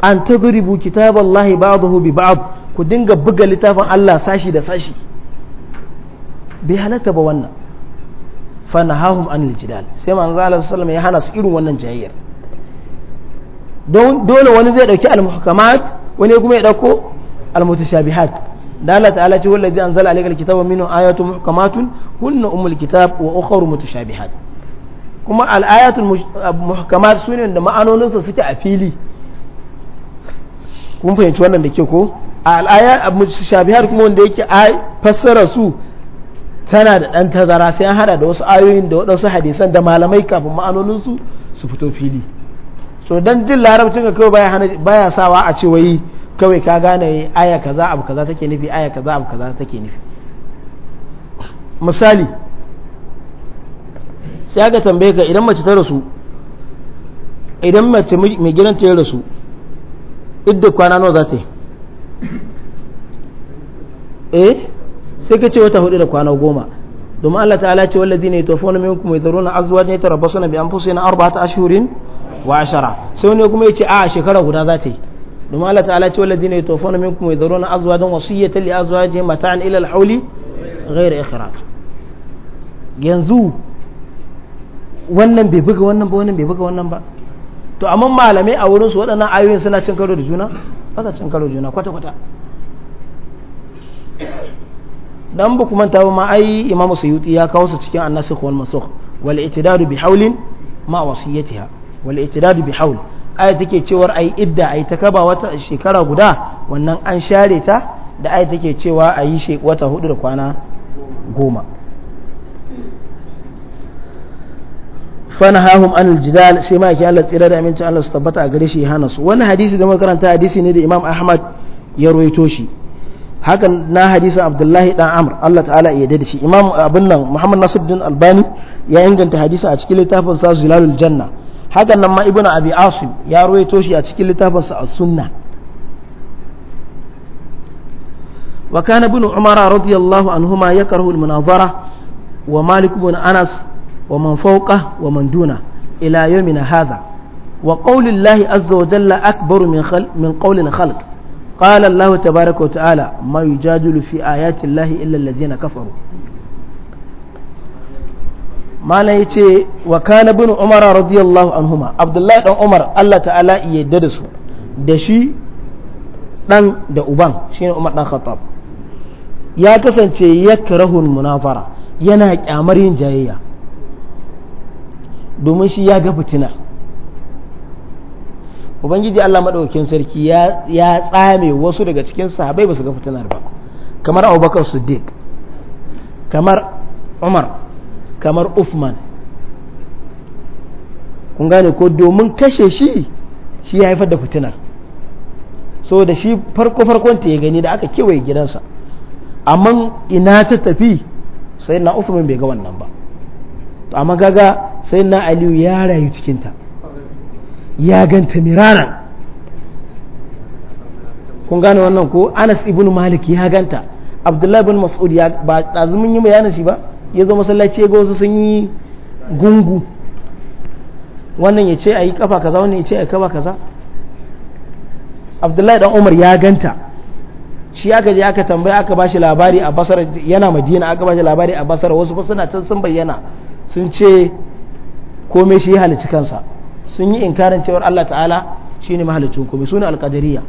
an ta duribu kitaballahi ba'dahu bi ba'd ku dinga buga littafin Allah sashi da sashi bai halatta ba wannan fa nahahum anil jidal sai manzo Allah sallallahu alaihi wasallam ya hana su irin wannan jayayyar dole wani zai dauki al-muhkamat wani kuma ya dauko al-mutashabihat da Allah ta'ala ce zai anzala alaykal kitaba minhu ayatun muhkamatun hunna umul kitab wa ukhra mutashabihat kuma al-ayatul muhkamat sune da ma'anonin su suke a fili kun fahimci wannan da ke ko al-ayat mutashabihat kuma wanda yake fassara su tana da ɗan tazara sai an hada da wasu ayoyin da waɗansu hadisan da malamai kafin ma'anoninsu su fito fili so dan jin larabcin ka kawai baya baya sawa a ce wai kawai ka gane aya kaza abu kaza take nufi aya kaza abu kaza take nufi misali sai aka tambaye ka idan mace ta rasu idan mace mai gidan ta rasu idda kwana nawa za ta yi eh sai ka ce wata hudu da kwana goma domin Allah ta'ala ce wallazi ne tofona minkum yadruna azwajin yatarabbasu bi anfusihim arba'ata ashhurin wa ashara sai wani kuma yace a shekara guda za ta yi domin Allah ta'ala ce walladina yatawafuna minkum yadhuruna azwajan wasiyatan li azwajihim mata'an ila al-hawli ghayra ikhraj yanzu wannan bai buga wannan ba wannan bai buga wannan ba to amma malamai a wurin su waɗannan ayoyin suna cin karo da juna ba sa cin karo da juna kwata kwata dan ba kuma ta ma ai imamu suyuti ya kawo su cikin annasikh wal mansukh wal i'tidadu bi hawlin ma wasiyatiha walitidadu bi haul aya take cewar ayi idda ayi ta kaba wata shekara guda wannan an share ta da aya take cewa ayi wata hudu da kwana goma hahun an aljidal sai ma yake Allah tsira da amincin Allah su tabbata a gare shi hana su hadisi da muka karanta hadisi ne da Imam Ahmad ya ruwaito shi hakan na hadisin Abdullahi dan Amr Allah ta'ala ya da shi Imam abin nan Muhammad Nasiruddin Albani ya inganta hadisi a cikin littafin sa Zilalul Janna hakan nan ma ibn abi asim ya ruwaito shi a cikin littafinsa a sunna wa kana ibn umara radiyallahu anhuma yakrahu al-munazara wa malik ibn anas wa man fawqa wa man duna ila yawmina hadha wa qawli allahi azza wa jalla akbaru min khalq min qawli al-khalq قال الله تبارك وتعالى ما يجادل في آيات الله إلا الذين كفروا malam ya ce wa kana bin umar radiyallahu anhuma abdullahi dan umar allah ta'ala iya yadda da su da shi dan da uban shine umar dan khattab ya kasance karahun munafara yana kyamar yin jayayya domin shi ya ga fitinar ubangiji allah maɗaukin sarki ya tsame wasu daga cikin sahabai ba su ga fitinar ba kamar abubakar siddiq kamar umar kamar Uthman kun gane ko domin kashe shi shi ya haifar da fitinar so da shi farko farkon ta ya gani da aka kewaye gidansa amma ina ta tafi sai na Uthman bai ga wannan ba to amma gaga sai na Aliyu ya rayu cikinta ya ganta mirana kun gane wannan ko Anas ibn Malik ya ganta Abdullahi ibn Mas'ud ya ba ɗazu yi bayanin shi ba ya zo masallaci ga wasu sun yi gungu wannan ya ce a yi kafa kaza wannan ya ce a yi kafa kaza abdullahi dan umar ya ganta shi aka je aka tambaya aka ba shi labari a basar yana madina aka ba shi labari a basar wasu fa suna can sun bayyana sun ce komai shi ya halicci kansa sun yi inkarin cewar Allah ta'ala shi shine mahalicin su ne alkadariya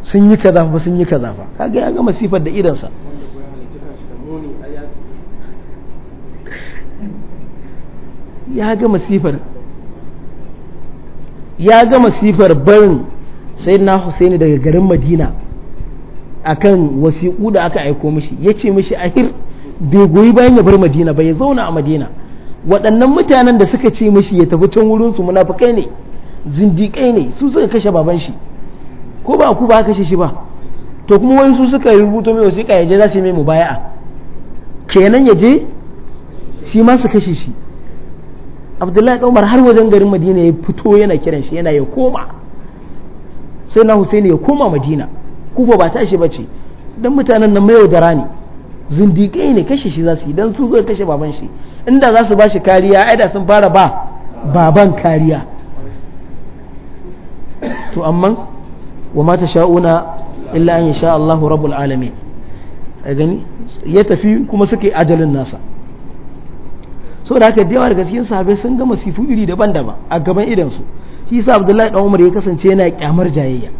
sun yi kaza fa sun yi kaza fa kaga ya ga masifar da idansa ya ga masifar ya ga masifar barin sai na Husaini daga garin Madina akan wasiƙu da aka aiko mishi ya ce mishi ahir bai goyi bayan ya bar Madina ba ya zauna a Madina waɗannan mutanen da suka ce mishi ya tafi can wurinsu munafukai ne zindiƙai ne su suka kashe baban shi ko ba ku ba kashe shi ba to kuma wani su suka rubuta mai wasiƙa ya je za su yi mai mubaya'a kenan ya je shi ma su kashe shi abdullahi umar har wajen garin madina ya fito yana kiran shi yana ya koma sai na husaini ya koma madina kufa ba tashi ba ce don mutanen nan mayo da rani zindiƙai ne kashe shi za su yi don sun zo kashe baban shi inda za su ba shi kariya ai da sun fara ba baban kariya to amma wa mata sha'una illa an yasha Allahu rabbul alamin gani ya tafi kuma suke ajalin nasa saboda haka da yawa daga cikin sahabbai sun gama sifu iri daban-daban a gaban idan su shi yasa Abdullahi dan Umar ya kasance yana kyamar jayayya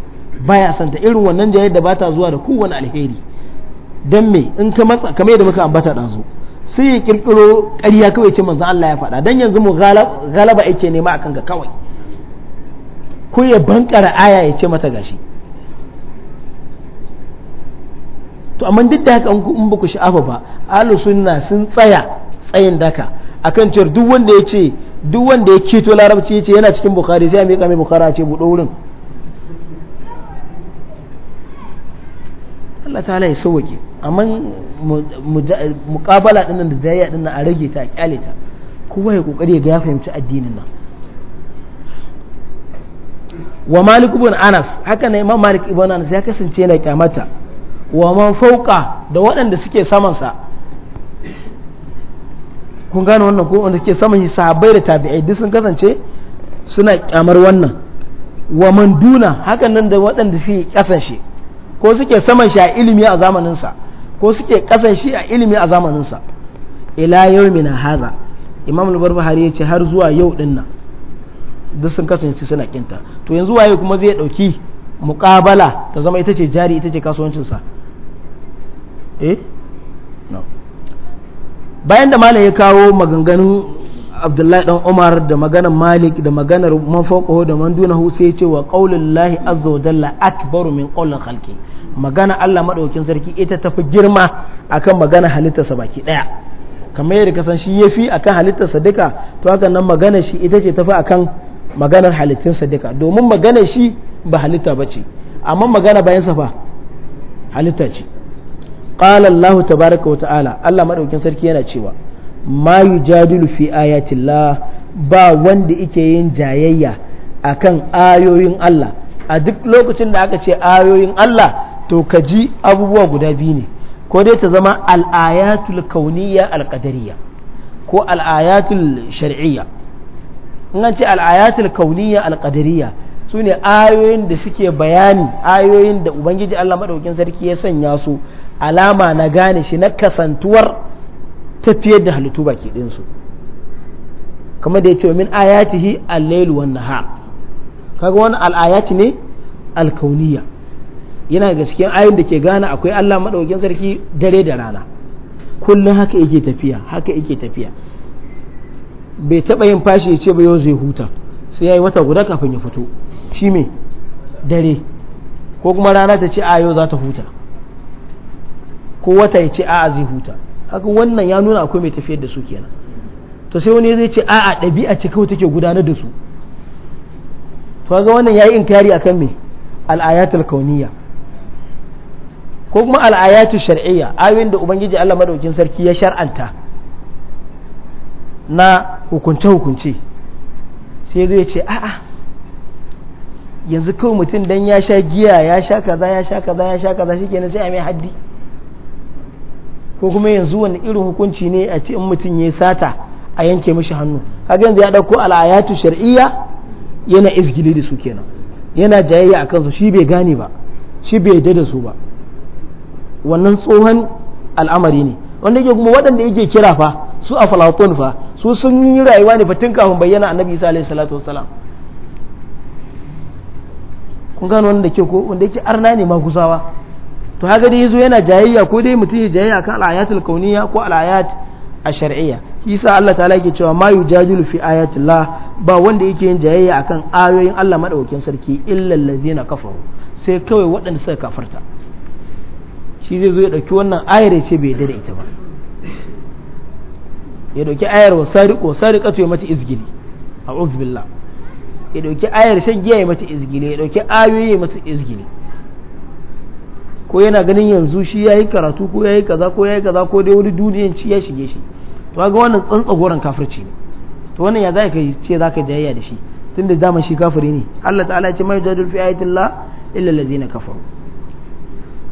baya santa irin wannan jayayya da bata zuwa da kowane alheri dan me in ka matsa kamar yadda muka ambata dan su sai ya kirkiro ƙarya kawai ce manzo Allah ya faɗa dan yanzu mu galaba yake nema akan ka kawai ko ya bankara aya ya ce mata gashi to amma duk da haka in ba ku sha'afa ba alu sunna sun tsaya tsayin daka akan cewa duk wanda ya ce duk wanda ya keto larabci ya ce yana cikin bukari sai a miƙa mai bukari a ce buɗe wurin Allah ta ya sauwake amma muƙabala ɗin nan da zai yaɗin a rage ta a ƙyale ta kowa ya ƙoƙari ga ya fahimci addinin nan wa malik ibn anas haka na imam malik ibn anas ya kasance yana kyamata wa man fauka da waɗanda suke samansa kun gane wannan ko wanda ke saman sahabbai da tabi'ai duk sun kasance suna kyamar wannan wa Manduna duna hakan nan da waɗanda suke kasan shi ko suke saman shi a ilimi a zamanin sa ko suke kasan shi a ilimi a zamanin sa ila yawmina hadha imam al-barbahari yace har zuwa yau din nan duk sun kasance suna kinta to yanzu waye kuma zai ɗauki mukabala ta zama ita ce jari ita ce kasuwancin eh bayan da malam ya kawo maganganun abdullahi dan umar da maganar malik da maganar man da Manduna dunahu sai ya ce wa lahi azza wa jalla akbaru min qaulin khalqi magana Allah maɗaukin sarki ita tafi girma akan magana halittarsa baki ɗaya kamar yadda kasan shi yafi akan halittarsa duka to haka nan magana shi ita ce tafi akan maganar halittinsa duka domin magana shi ba halitta ce amma magana bayan sa fa halitta ce qala Allah tabaraka wa ta'ala Allah madaukin sarki yana cewa ma yujadilu fi ayatillah ba wanda yake yin jayayya akan ayoyin Allah a duk lokacin da aka ce ayoyin Allah to ka ji abubuwa guda biyu ne ko dai ta zama al'ayatul kauniyya alƙadariya ko al'ayatul shar'iyya in an ce al'ayatul kauniyya alƙadariya sune ayoyin da suke bayani ayoyin da ubangiji Allah maɗaukin sarki ya sanya su alama na gane shi na kasantuwar tafiyar da halittu baki ɗinsu kamar da ya ce wa min ayatihi al-lailu wan kaga wani al ne al-kauniyya yana gaskiyan ayin da ke gane akwai Allah madaukakin sarki dare da rana kullum haka yake tafiya haka yake tafiya bai taɓa yin fashi ya ce ba yau zai huta sai ya yi wata guda kafin ya fito shi me dare ko kuma rana ta ce a yau za ta huta ko wata ya ce a'a zai huta haka wannan ya nuna akwai mai tafiyar da su kenan to sai wani zai ce a'a ɗabi'a ce kawai take gudanar da su to ga wannan yayi inkari akan me al-ayatul kauniyya ko kuma al-ayatul shar'iyya ayoyin da ubangiji Allah madaukin sarki ya shar'anta na hukunce hukunce sai zai ce a'a yanzu kawai mutum dan ya sha giya ya sha kaza ya sha kaza ya sha kaza shikenan sai a mai haddi ko kuma yanzu wani irin hukunci ne a ce in mutum ya sata a yanke mishi hannu kaga yanzu ya dauko al'ayatu shar'iyya yana izgili da su kenan yana jayayya a kansu shi bai gane ba shi bai yarda da su ba wannan tsohon al'amari ne wanda yake kuma waɗanda yake kira fa su a falatun fa su sun yi rayuwa ne fatin kafin bayyana annabi isa alaihi salatu wassalam kun gano wanda ke ko wanda yake arna ne ma kusawa to haka dai yazo yana jayayya ko dai mutum ya jayayya kan ayatul kauniyya ko alayat ashar'iyya kisa yasa Allah ta'ala yake cewa ma yujadilu fi ayatillah ba wanda yake yin jayayya akan ayoyin Allah madaukakin sarki illa allazina kafaru sai kawai waɗanda suka kafarta shi zai zo ya dauki wannan ayar ya ce bai yarda da ita ba ya dauki ayar wa sariqo sariqatu ya mata izgili a'udhu billah ya dauki ayar shan giya ya mata izgili ya dauki ayoyi ya mata izgili ko yana ganin yanzu shi ya yi karatu ko ya yi kaza ko ya yi kaza ko dai wani duniyanci ya shige shi to ga wannan tsantsagoran kafirci ne to wannan ya zai kai ce zaka jayayya da shi tunda dama shi kafiri ne Allah ta'ala ya ce mai jadul fi ayatillah illa alladhina kafaru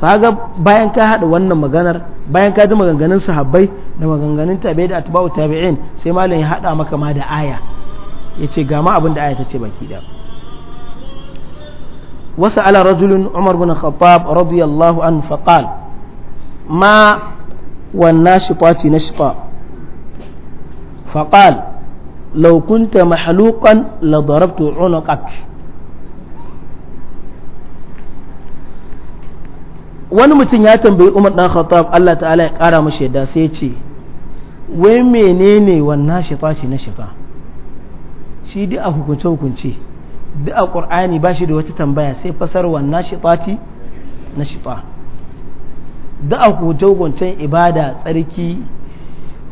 to ga bayan ka hada wannan maganar bayan ka ji maganganun sahabbai da maganganun tabi'i da atba'u tabi'in sai malam ya hada maka ma da aya yace ga ma abin da aya ta ce baki da وسأل رجل عمر بن الخطاب رضي الله عنه فقال ما والناشطات نشطا فقال لو كنت محلوقا لضربت عنقك wani mutum ya tambayi umar dan khattab Allah ta'ala ya kara mashi yadda sai ya ce wai menene wannan shifa shi na shifa shi a hukunce hukunce duk a ƙur'ani ba shi da wata tambaya sai fasarwa na shiɗati na shiɗa duk a hukunce-hukuncen ibada tsarki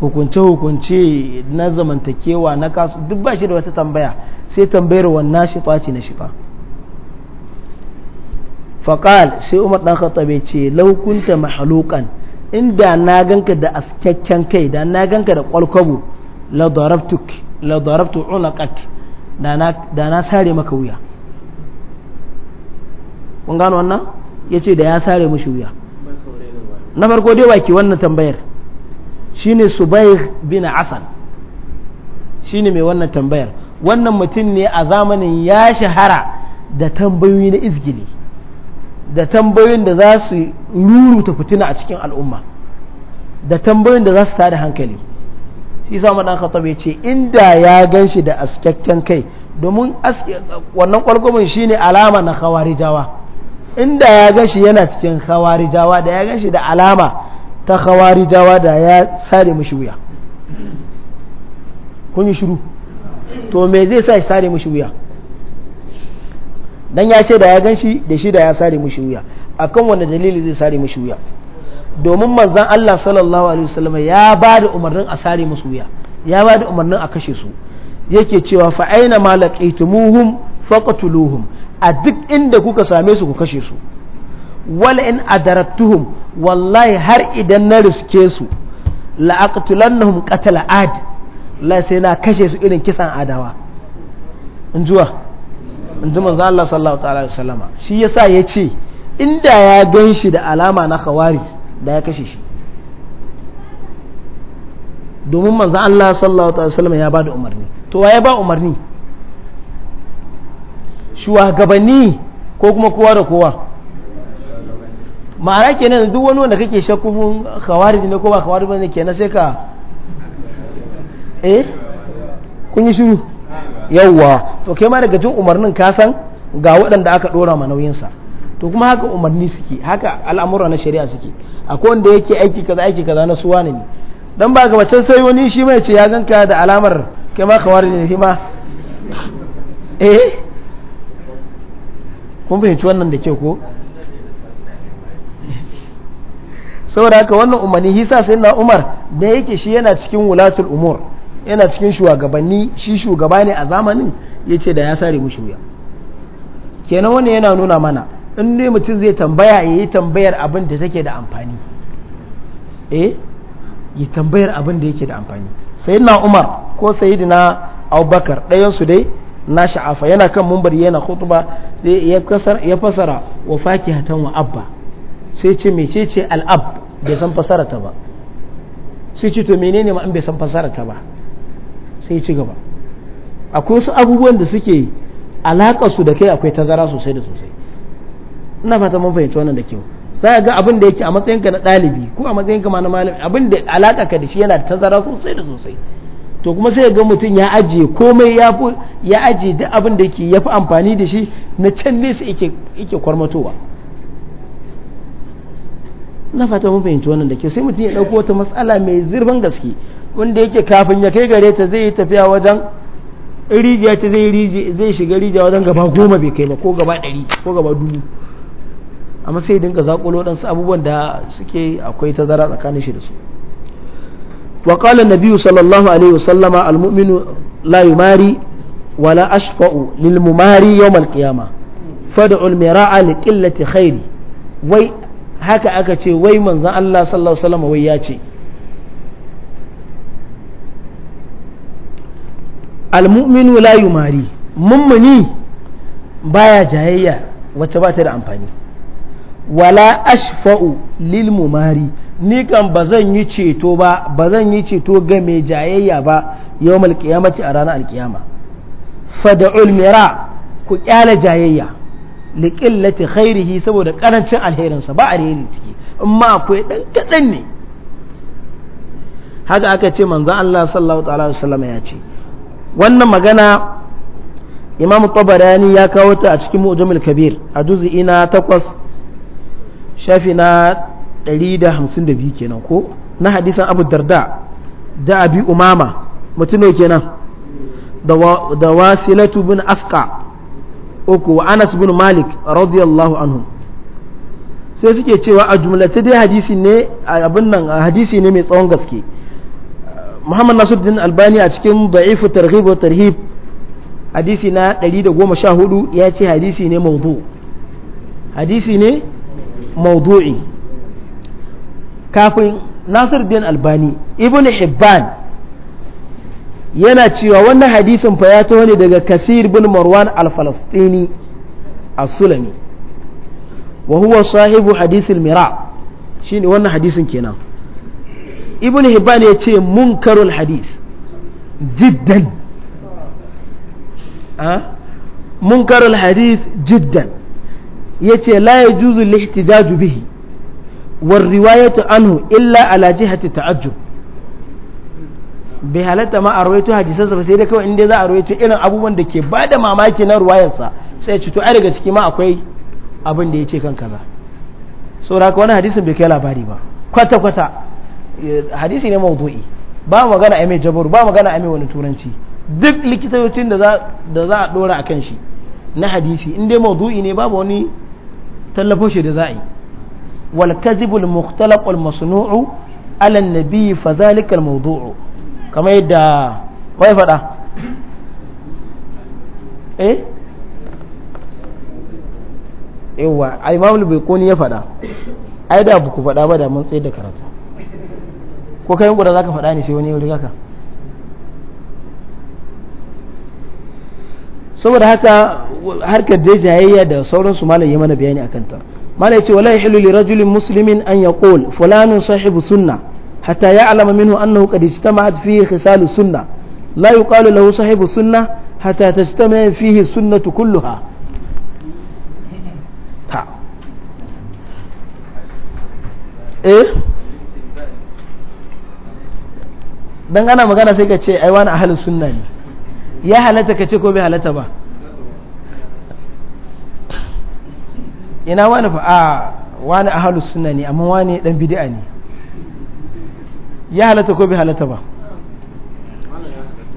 hukunce-hukunce na zamantakewa na kasu duk ba shi da wata tambaya sai tambayar wannan shiɗati na shiɗa faƙal sai umar ɗan khattabe ce laukunta mahalukan inda na ganka da askakken kai da na ganka da kwalkwabo la darabtu unaqak da na sare maka wuya kun gano wannan ya ce da ya sare mashi wuya na farko dai ke wannan tambayar shine subair bin asan shine mai wannan tambayar wannan mutum ne a zamanin ya shahara da tambayoyi na izgili da tambayoyin da za su ruruta fitina a cikin al'umma da tambayoyin da za su tada hankali shi sa madan khattab ya ce inda ya gan shi da askakken kai domin wannan kwalgwamin shine alama na khawarijawa inda ya gan shi yana cikin khawarijawa da ya gan shi da alama ta khawarijawa da ya sare mishi wuya kun yi shiru to me zai sa shi sare mishi wuya dan ya ce da ya gan shi da shi da ya sare mishi wuya akan wanda dalili zai sare mishi wuya domin manzan Allah sallallahu alaihi wasallam ya ba da umarnin a sare musu wuya ya ba da umarnin a kashe su yake cewa fa aina ma laqaitumuhum a duk inda kuka same su ku kashe su wala in adaraktuhum wallahi har idan na riske su la'aqtulannahum qatala ad la sai na kashe su irin kisan adawa in juwa in ji manzo Allah sallallahu alaihi wasallama shi yasa yace inda ya gan shi da alama na khawarij da ya kashe shi domin manzo Allah sallallahu alaihi wasallam ya ba da umarni to waye ba umarni shugabanni ko kuma kowa da kowa ma'ana kenan duk wani wanda kake shakkun khawarij ne ko ba khawarij ne kenan sai ka eh kun yi shiru yawwa to kai ma daga jin umarnin ka san ga waɗanda aka dora ma nauyinsa to kuma haka umarni suke haka al'amura na shari'a suke akwai wanda yake aiki kaza aiki kaza na suwa ne dan ba ga wacce sai wani shi mai ce ya ganka da alamar kai ma kawar ne shi ma eh kun fahimci wannan da ke ko saboda haka wannan umarni hisa sai na umar da yake shi yana cikin wulatul umur yana cikin shugabanni shi shugaba ne a zamanin ya ce da ya sare mushi wuya kenan wannan yana nuna mana in ne mutum zai tambaya ya yi tambayar abin da take da amfani eh yi tambayar abin da yake da amfani sai na umar ko na abubakar ɗayansu dai na sha'afa yana kan mumbar yana khutba sai ya kasar ya fasara wa fakihatan wa abba sai ce ce al'ab bai san fasara ta ba sai ce to menene ma an bai san fasara ta ba sai ci gaba akwai wasu abubuwan da suke alaƙa su da kai akwai tazara sosai da sosai ina fata mun fahimci wannan da kyau za ga abin da yake a matsayinka na ɗalibi ko a matsayinka ma na malami abin da alaka ka da shi yana da tazara sosai da sosai to kuma sai ga mutum ya aje komai ya fi ya aje duk abin da yake ya fi amfani da shi na can nesa yake yake kwarmatowa na fata mun fahimci wannan da kyau sai mutum ya ɗauko wata matsala mai zurfin gaske wanda yake kafin ya kai gare ta zai yi tafiya wajen rijiya ta zai shiga rijiya wajen gaba goma bai kai ba ko gaba ɗari ko gaba dubu amma sai dinka zakulo su abubuwan da suke akwai tazara tsakanin shi da su wa qala an sallallahu alaihi wasallama al-mu'minu la yumari wala ashfa'u lil mumari yawm al-qiyamah fad'u al-mira'a li qillati khairi wai haka aka ce wai manzon Allah sallallahu alaihi wasallama wai ya ce al-mu'minu la yumari mummuni baya jayayya wacce ba ta da amfani wala ashfa'u lil mumari ni kan bazan yi ceto ba bazan yi ceto ga mai jayayya ba yawmal qiyamati a ranar alkiyama fad'ul mira ku kyale jayayya li qillati khairihi saboda karancin alherinsa ba alheri ciki amma akwai dan kadan ne haka aka ce manzo Allah sallallahu alaihi wasallam ya ce wannan magana Imam Tabarani ya kawo ta a cikin Mu'jamul Kabir a juz'i na 8 shafi na 152 kenan ko na hadisan abu darda da abi umama mutuno kenan da wasilatu bin aska uku wa anas bin malik radiyallahu anhu sai suke cewa a jumlace dai hadisi ne abin nan hadisi ne mai tsawon gaske muhammad nasiruddin albani a cikin da'ifu targhib wa tarhib hadisi na 114 ya ce hadisi ne mawdu hadisi ne maudu'i kafin nasiruddin albani ibn hibban yana cewa wannan hadisin fa ya taho ne daga kasir bin marwan al-falastini as-sulami wa huwa sahibu hadisil mira shine wannan hadisin kenan ibn hibban ya ce hadis jiddan ah? yace la yajuzu lihtijaju bihi war riwayatu anhu illa ala jihati ta'ajjub bai halatta ma a rawaito hadisansa ba sai dai kawai inda za a rawaito irin abubuwan da ke ba da mamaki na ruwayansa sai ci to ai daga ciki ma akwai abin da ya ce kan kaza saboda haka wani hadisin bai kai labari ba kwata kwata hadisi ne mawdu'i ba magana ai mai jabaru ba magana ai mai wani turanci duk likitocin da za a dora kan shi na hadisi in dai mawdu'i ne babu wani tallafo shi da za a yi wal kadhibul mukhtalaq wal masnu'u ala nabi fa zalika al-mawdu'u kamar yadda wai fada eh yawa ai ma mamul bai koni ya fada ai da ku fada ba da mun tsaye da karatu ko kai kura za ka faɗa ne sai wani ya riga ka saboda haka harkar da jayayya da sauransu malam ya mana bayani akan ta malam yace wala yahillu li rajulin muslimin an yaqul fulanun sahibu sunna hatta ya'lama minhu annahu qad ijtama'at fihi khisalu sunna la yuqalu lahu sahibu sunna hatta tajtami'a fihi sunnatu kulluha ta eh dan ana magana sai ka ce ai wani ahlus sunna ne ya halatta ka ce ko bai halatta ba ina wani fa a wani ahalu suna ne amma wani dan bidi'a ne ya halatta ko bai halatta ba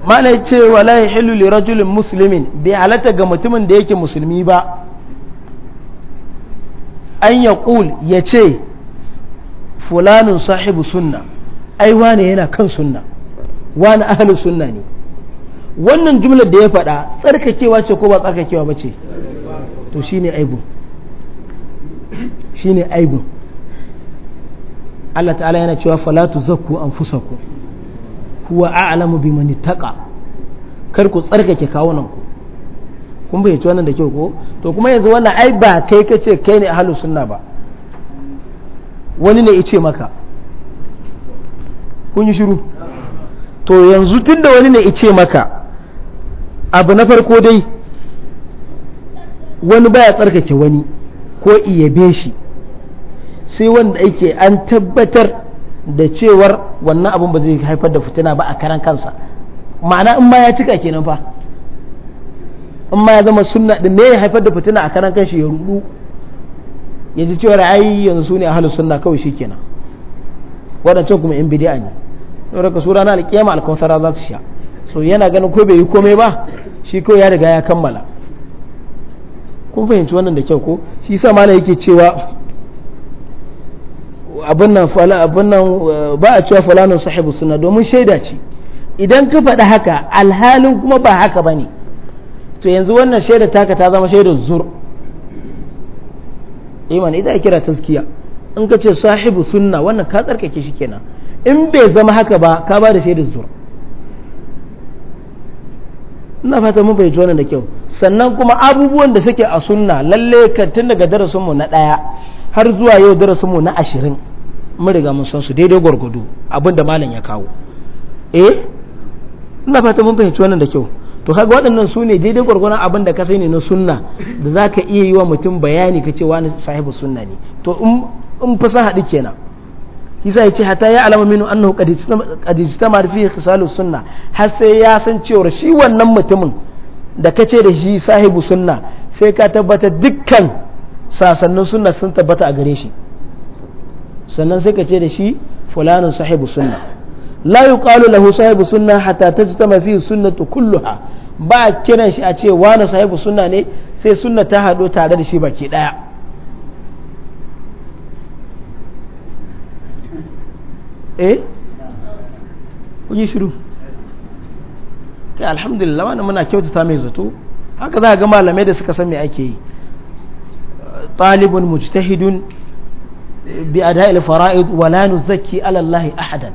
mana ya ce wala ya hilu li rajulin musulmin bai halatta ga mutumin da yake musulmi ba an ya kul ya ce fulanin sahibu sunna ai wani yana kan sunna wani ahalin sunna ne wannan jumlar da ya faɗa tsarkakewa ce ko ba tsarkakewa ba ce to shine aibu shine aibu Allah ta'ala yana cewa falatu zakku anfusakum huwa a'lamu bimani taqa kar ku tsarkake kawunan ku kun bai wannan da kyau ko to kuma yanzu wannan ai ba kai kace kai ne ahlus sunna ba wani ne yace maka kun yi shiru to yanzu tunda wani ne yace maka abu na farko dai wani baya tsarkake wani ko iyabe shi sai wanda ake an tabbatar da cewar wannan abin ba zai haifar da fitina ba a karan kansa ma'ana in ma ya cika kenan fa in ma ya zama sunna da me ya haifar da fitina a karan kanshi ya rudu ya ji cewar ai yanzu ne ahlus sunna kawai kenan waɗancan kuma in bid'a ne saboda ka sura na alƙiyama alkawsara za su sha so yana ganin ko bai yi komai ba shi kawai ya riga ya kammala kun fahimci wannan da kyau ko shi sa mala yake cewa abin nan abin nan ba a cewa nan sahibu suna domin shaida ce idan ka faɗi haka alhalin kuma ba haka ba ne to yanzu wannan shaida taka ta zama shaidar zur iman eh idan kira taskiya in ka ce sahibu sunna wannan ka tsarkake shi kenan in bai zama haka ba ka ba da shaidar zur ina fata mun bai wannan da kyau sannan kuma abubuwan da suke a sunna lalle kan tun daga darasin mu na ɗaya har zuwa yau darasin mu na ashirin mun riga mun san su daidai gwargwado abin da malam ya kawo eh ina fata mun fahimci wannan da kyau to kaga waɗannan su ne daidai gwargwadon abin da ka sani na sunna da za ka iya yi wa mutum bayani ka ce wani sahibu sunna ne to in fa sa haɗu kenan kisa ya ce hata ya alama minu annahu qad ijtama fi khisal sunnah har sai ya san cewa shi wannan mutumin da kace da shi sahibu sunna sai ka tabbata dukkan sasannin sunna sun tabbata a gare shi sannan sai ka ce da shi fulanin sahibu sunna la yuqalu lahu sahibu sunna hatta tajtama fi sunnatu kulluha ba kiran shi a ce wani sahibu sunna ne sai sunna ta hado tare da shi baki daya eh kun yi shiru kai alhamdulillah wani muna kyautata mai zato haka za a ga malamai da suka san me ake yi talibun mujtahidun bi ada'il fara'id wa la nuzakki ala Allah ahadan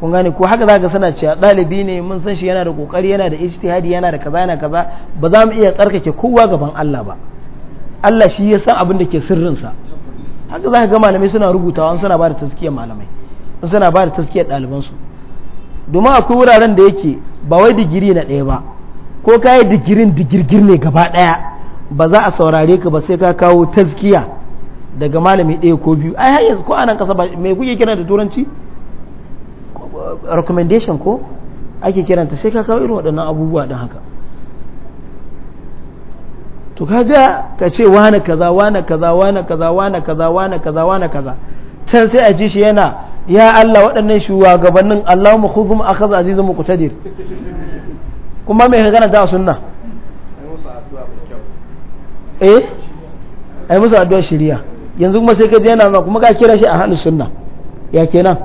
kun gane ko haka za ga sana cewa dalibi ne mun san shi yana da kokari yana da ijtihadi yana da kaza yana kaza ba za mu iya tsarkake kowa gaban Allah ba Allah shi ya san abin da ke sirrinsa haka za ka ga malamai suna rubutawa suna ba da taskiyar malamai suna ba da taskiyar ɗalibansu domin akwai wuraren da yake ba wai digiri na ɗaya ba ko ka yi digirin digirgir ne gaba ɗaya ba za a saurare ka ba sai ka kawo taskiya daga malami ɗaya ko biyu ai har yanzu ko anan kasa ba me kuke kira da turanci recommendation ko ake kiranta sai ka kawo irin waɗannan abubuwa ɗin haka to kaga ka ce wane kaza wane kaza wane kaza wane kaza wane kaza wane kaza can sai a ji shi yana ya Allah waɗannan shugabannin Allahumma khudhum akhadha azizun muqtadir kuma mai ka da sunna eh ai musu addu'a shiriya yanzu kuma sai ka je yana kuma ka kira shi a hannun sunna ya kenan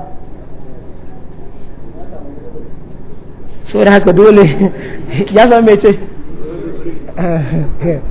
saboda haka dole ya zama mai ce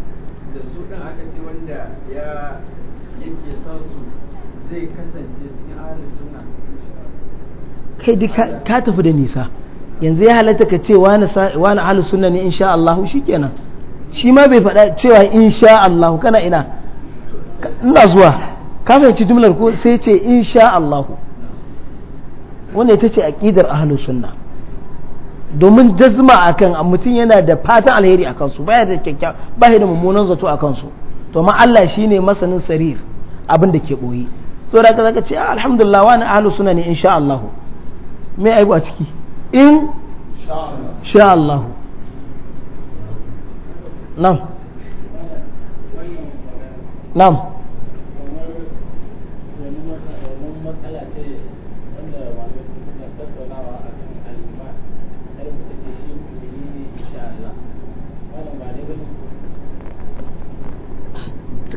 da su ɗin aka ce wanda ya yake su zai kasance cikin ahalin suna kai duk ka tafi da nisa yanzu ya halatta ka ce wani ahalin suna ne insha Allahu shi kenan shi ma bai faɗa cewa insha Allahu kana ina ina zuwa ka fahimci jumlar ko sai ce insha wanda ya ita ce a ahlus sunna domin jazma akan mutum yana da fatan alheri a kansu baya da kyakkyawa baya da mummunan zato a kansu to ma Allah ne masanin sarir abin da ke so da ka zaka ce ah, alhamdulillah wani ahalu suna ne insha Allah me aibu a ciki in sha Allah nam nam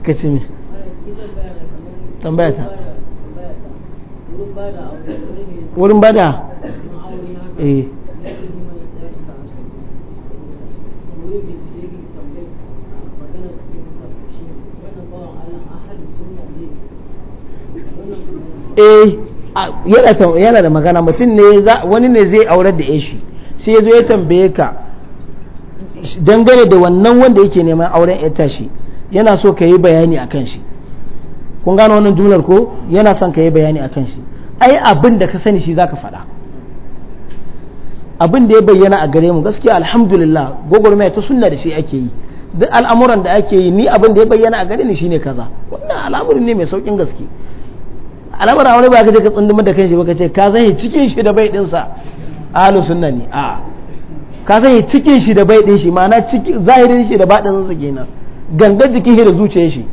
ka ce me wurin bada eh eh yana da magana mutum ne wani ne zai aurar da shi sai ya zo ya tambaye ka dangane da wannan wanda yake neman auren ya tashi yana so ka yi bayani a kan shi kun gano wannan jumlar ko yana son ka yi bayani a kan shi ai abin da ka sani shi za ka faɗa abin da ya bayyana a gare mu gaskiya alhamdulillah mai ta sunna da shi ake yi duk al'amuran da ake yi ni abin da ya bayyana a gare ni shine kaza wannan al'amurin ne mai saukin gaske al'amura wani ba ka je ka tsunduma da kanshi ba ka ce ka zai cikin shi da bai din sa ahlu sunna ne a ka zai cikin shi da bai din shi ma'ana cikin zahirin shi da baɗin sa kenan gangan jiki shi da zuciyar shi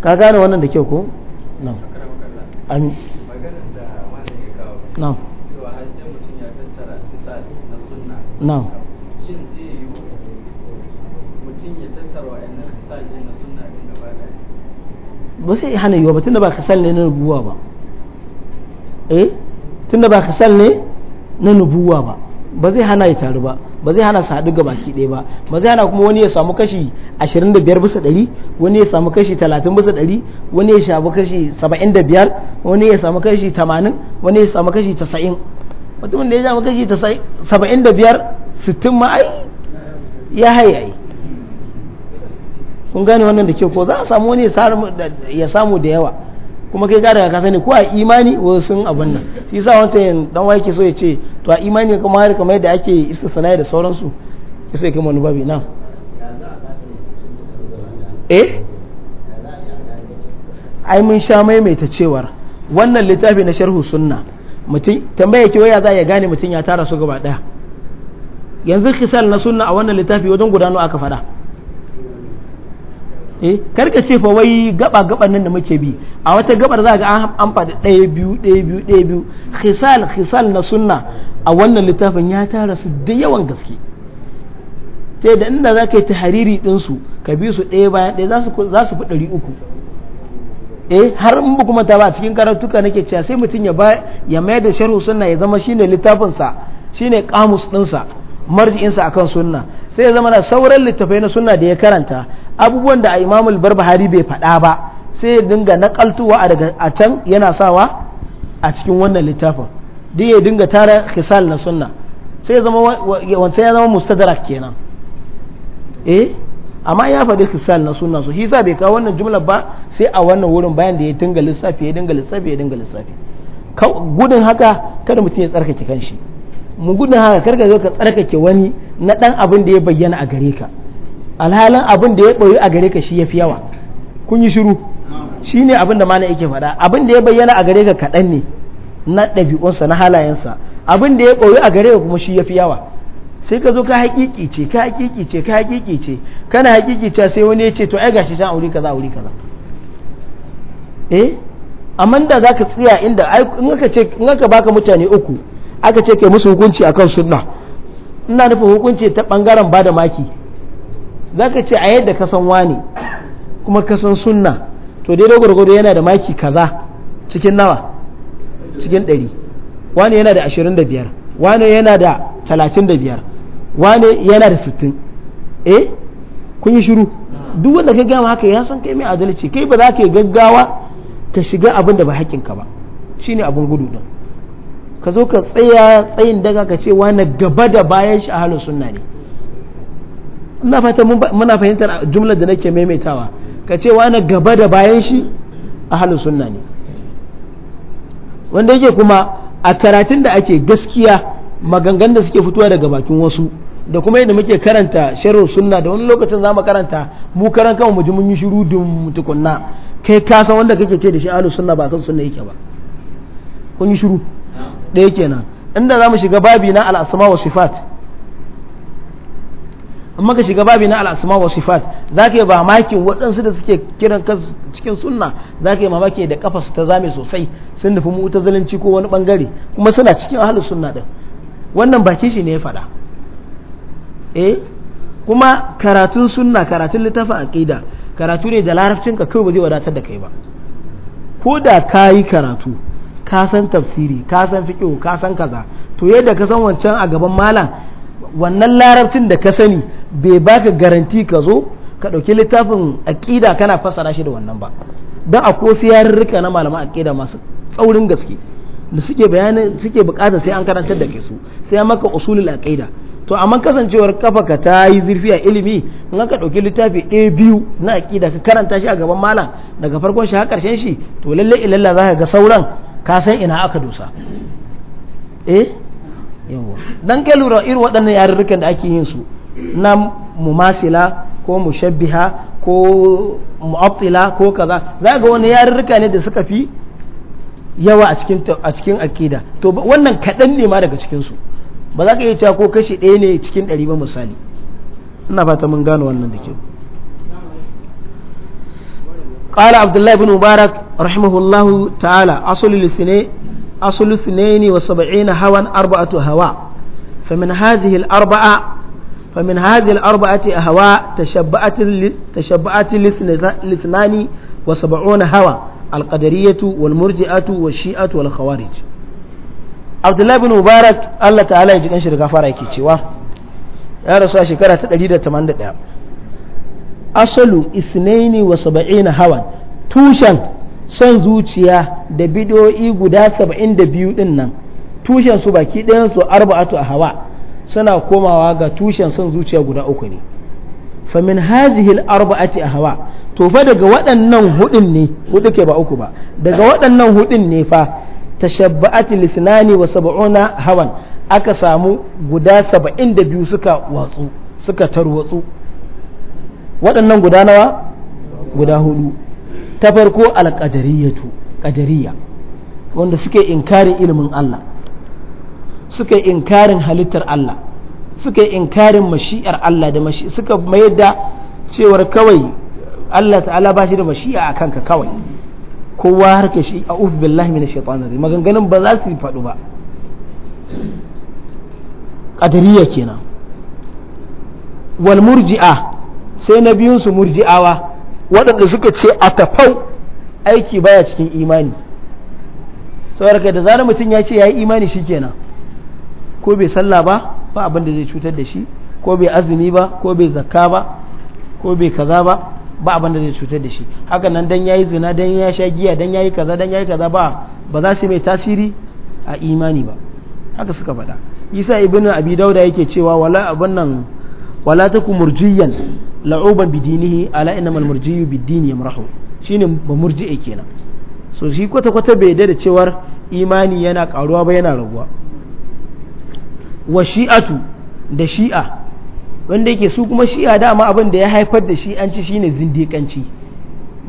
ka gane wannan da kyau ko na'am amin na'am na'am ba sai hana wa ba tunda ba kasal ne na nubuwa ba eh tunda ba kasal ne na nubuwa ba ba zai hana ya taru ba ba zai hana su haɗu ga baki ɗaya ba ba zai hana kuma wani ya samu kashi 25 bisa ɗari wani ya samu kashi 30 bisa ɗari wani ya samu kashi 75 wani ya samu kashi 80 wani ya samu kashi 90 mutumin da ya samu kashi 75 60 ma ai ya haye ai kun gane wannan da ke ko za a samu wani ya samu da yawa kuma kai ka ka sani ko a imani wa sun abin nan shi sa yasa wancan dan wake so ya ce to a imani kuma har kamar yadda ake istisna da sauransu ya so ya kai manubabi na eh ai mun sha maimaita cewar wannan littafi na sharhu sunna mutum tambaya ke waya za ya gane mutum ya tara su gaba daya yanzu kisal na sunna a wannan littafi wajen gudano aka faɗa eh karka ce fa wai gaba gaban nan da muke bi a wata gabar za ga an faɗi ɗaya biyu ɗaya biyu ɗaya biyu khisal khisal na sunna a wannan littafin ya tara su da yawan gaske ta da inda za ka yi tahariri ɗinsu ka bi su ɗaya bayan ɗaya za su fi ɗari uku eh har in ba kuma ta ba cikin karatuka nake cewa sai mutum ya ba ya mayar da sharhu sunna ya zama shine littafinsa shine kamus ɗinsa marji'insa akan sunna sai ya zama na sauran littafai na sunna da ya karanta abubuwan da imamul barbahari bai faɗa ba sai ya dinga nakaltuwa a daga a can yana sawa a cikin wannan littafin duk ya dinga tara kisal na sunna sai ya zama wancan ya zama mustadrak kenan eh amma ya faɗi kisal na sunna so shi sa bai kawo wannan jumlar ba sai a wannan wurin bayan da ya dinga lissafi ya dinga lissafi ya dinga lissafi gudun haka kada mutum ya tsarkake kanshi mu gudun haka karka zo ka tsarkake wani na dan abin da ya bayyana a gare ka alhalin abin da ya ɓoyi a gare ka shi ya fi yawa kun yi shiru shi ne abin da mana yake faɗa abin da ya bayyana a gare ka kaɗan ne na ɗabi'unsa na halayensa abin da ya ɓoyi a gare ka kuma shi ya fi yawa sai ka zo ka haƙiƙi ce ka haƙiƙi ce ka haƙiƙi ce kana haƙiƙi ce sai wani ya ce to ai gashi can aure kaza aure kaza eh amma da za ka tsaya inda in aka ce in aka baka mutane uku aka ce kai musu hukunci akan sunna ina nufin hukunci ta bangaren ba da maki za ka ce a yadda ka san wani kuma ka san sunna to daidai gwargwado yana da maki kaza cikin nawa cikin ɗari wani yana da ashirin da biyar wani yana da talatin da biyar wani yana da sittin eh kun yi shiru duk wanda ka gama haka ya san kai mai adalci kai ba za ka yi gaggawa ka shiga abin da ba haƙƙinka ba shine abin gudu din ka zo ka tsaya tsayin daga ka ce wani gaba da bayan shi a halin sunna ne ina fata muna fahimtar jumlar da nake maimaitawa ka ce wa na gaba da bayan shi ahalin sunna ne wanda yake kuma a karatun da ake gaskiya maganganun da suke fitowa daga bakin wasu da kuma yadda muke karanta sharhul sunna da wani lokacin za mu karanta mu karan kama mu ji mun yi shiru dum tukunna kai ka san wanda kake ce da shi ahlus sunna ba kan sunna yake ba kun yi shiru da yake nan inda za mu shiga babi na al asma wa sifat amma ka shiga babi na al'asma wa sifat za ka yi bamakin waɗansu da suke kiran cikin sunna za ka yi mamaki da kafa ta zame sosai sun nufi mu'tazilanci ko wani bangare kuma suna cikin ahalin sunna din wannan baki shi ne ya faɗa eh kuma karatun sunna karatun littafin aqida karatu ne da larabcin ka kai ba zai wadatar da kai ba ko da ka yi karatu ka san tafsiri ka san fiqh ka san kaza to yadda ka san wancan a gaban malam wannan larabcin da ka sani bai baka garanti ka zo ka ɗauki littafin aƙida kana fassara shi da wannan ba don a ko yarurruka na malaman aƙida masu tsaurin gaske da suke bayanin suke bukata sai an karantar da su sai ya maka usulul aqida to amma kasancewar kafa ka ta yi zurfi a ilimi in aka ɗauki littafi a biyu na aqida ka karanta shi a gaban malam daga farkon shi har karshen shi to lalle ilalla za ka ga sauran ka san ina aka dosa eh yawa dan kai lura irin waɗannan yarurrukan da ake yin su na mumasila ko mushabbiha ko mu'attila ko kaza za ga wani yarurruka ne da suka fi yawa a cikin a cikin akida to wannan kaɗan ne ma daga cikin su ba za ka iya cewa ko kashi ɗaya ne cikin ɗari ba misali ina fata mun gano wannan da kyau قال عبد الله بن مبارك رحمه الله تعالى أصل الاثنين أصل الاثنين وسبعين هوا أربعة هواء فمن هذه الأربعة فمن هذه الأربعة أهواء تشبعت تشبعت الاثنان وسبعون هوى القدرية والمرجئة والشيئة والخوارج عبد الله بن مبارك الله تعالى يجي كان شركة فارك تشوا يا رسول شكرا تدريد تمان أصل اثنين وسبعين هوى توشن son zuciya da bidoyi guda 72 din nan tushen su baki ɗayan su arba'atu a hawa suna komawa ga tushen son zuciya guda uku ne famin hazihil arba'ati a hawa to fa daga waɗannan hudun ne hudu ke ba uku ba daga waɗannan hudun ne fa tashabba'ati lisnani wa sab'una hawan aka samu guda saba'in da biyu suka watsu suka tarwatsu waɗannan guda nawa guda hudu ta farko alƙadariyatu ƙadariya wanda suke inkarin ilimin Allah suka yi inkarin halittar Allah suka yi inkarin mashi'ar Allah da mashi suka mayar da cewar kawai Allah ta'ala ba shi da mashi'a a kanka kawai kowa harka shi a uf billahi min shaitanir maganganun ba za su yi faɗu ba qadariyya kenan wal murji'a sai na biyun su murji'awa waɗanda suka ce a tafau aiki baya cikin imani saboda da zarar mutum ya ce ya yi imani shi kenan. ko bai sallah ba ba abin da zai cutar da shi ko bai azumi ba ko bai zakka ba ko bai kaza ba ba abin da zai cutar da shi haka nan dan yayi zina dan ya sha giya dan yayi kaza dan yayi kaza ba ba za su mai tasiri a imani ba haka suka faɗa isa ibnu abi dauda yake cewa wala abin nan wala taku murjiyan la'uban bidinihi ala al murjiyu bidini yamrahu shine ba murji'e kenan so shi kwata kwata bai da cewar imani yana karuwa ba yana raguwa wa shi'atu da shi'a wanda yake su kuma shi'a dama abin da ya haifar da shi'anci shine zindikanci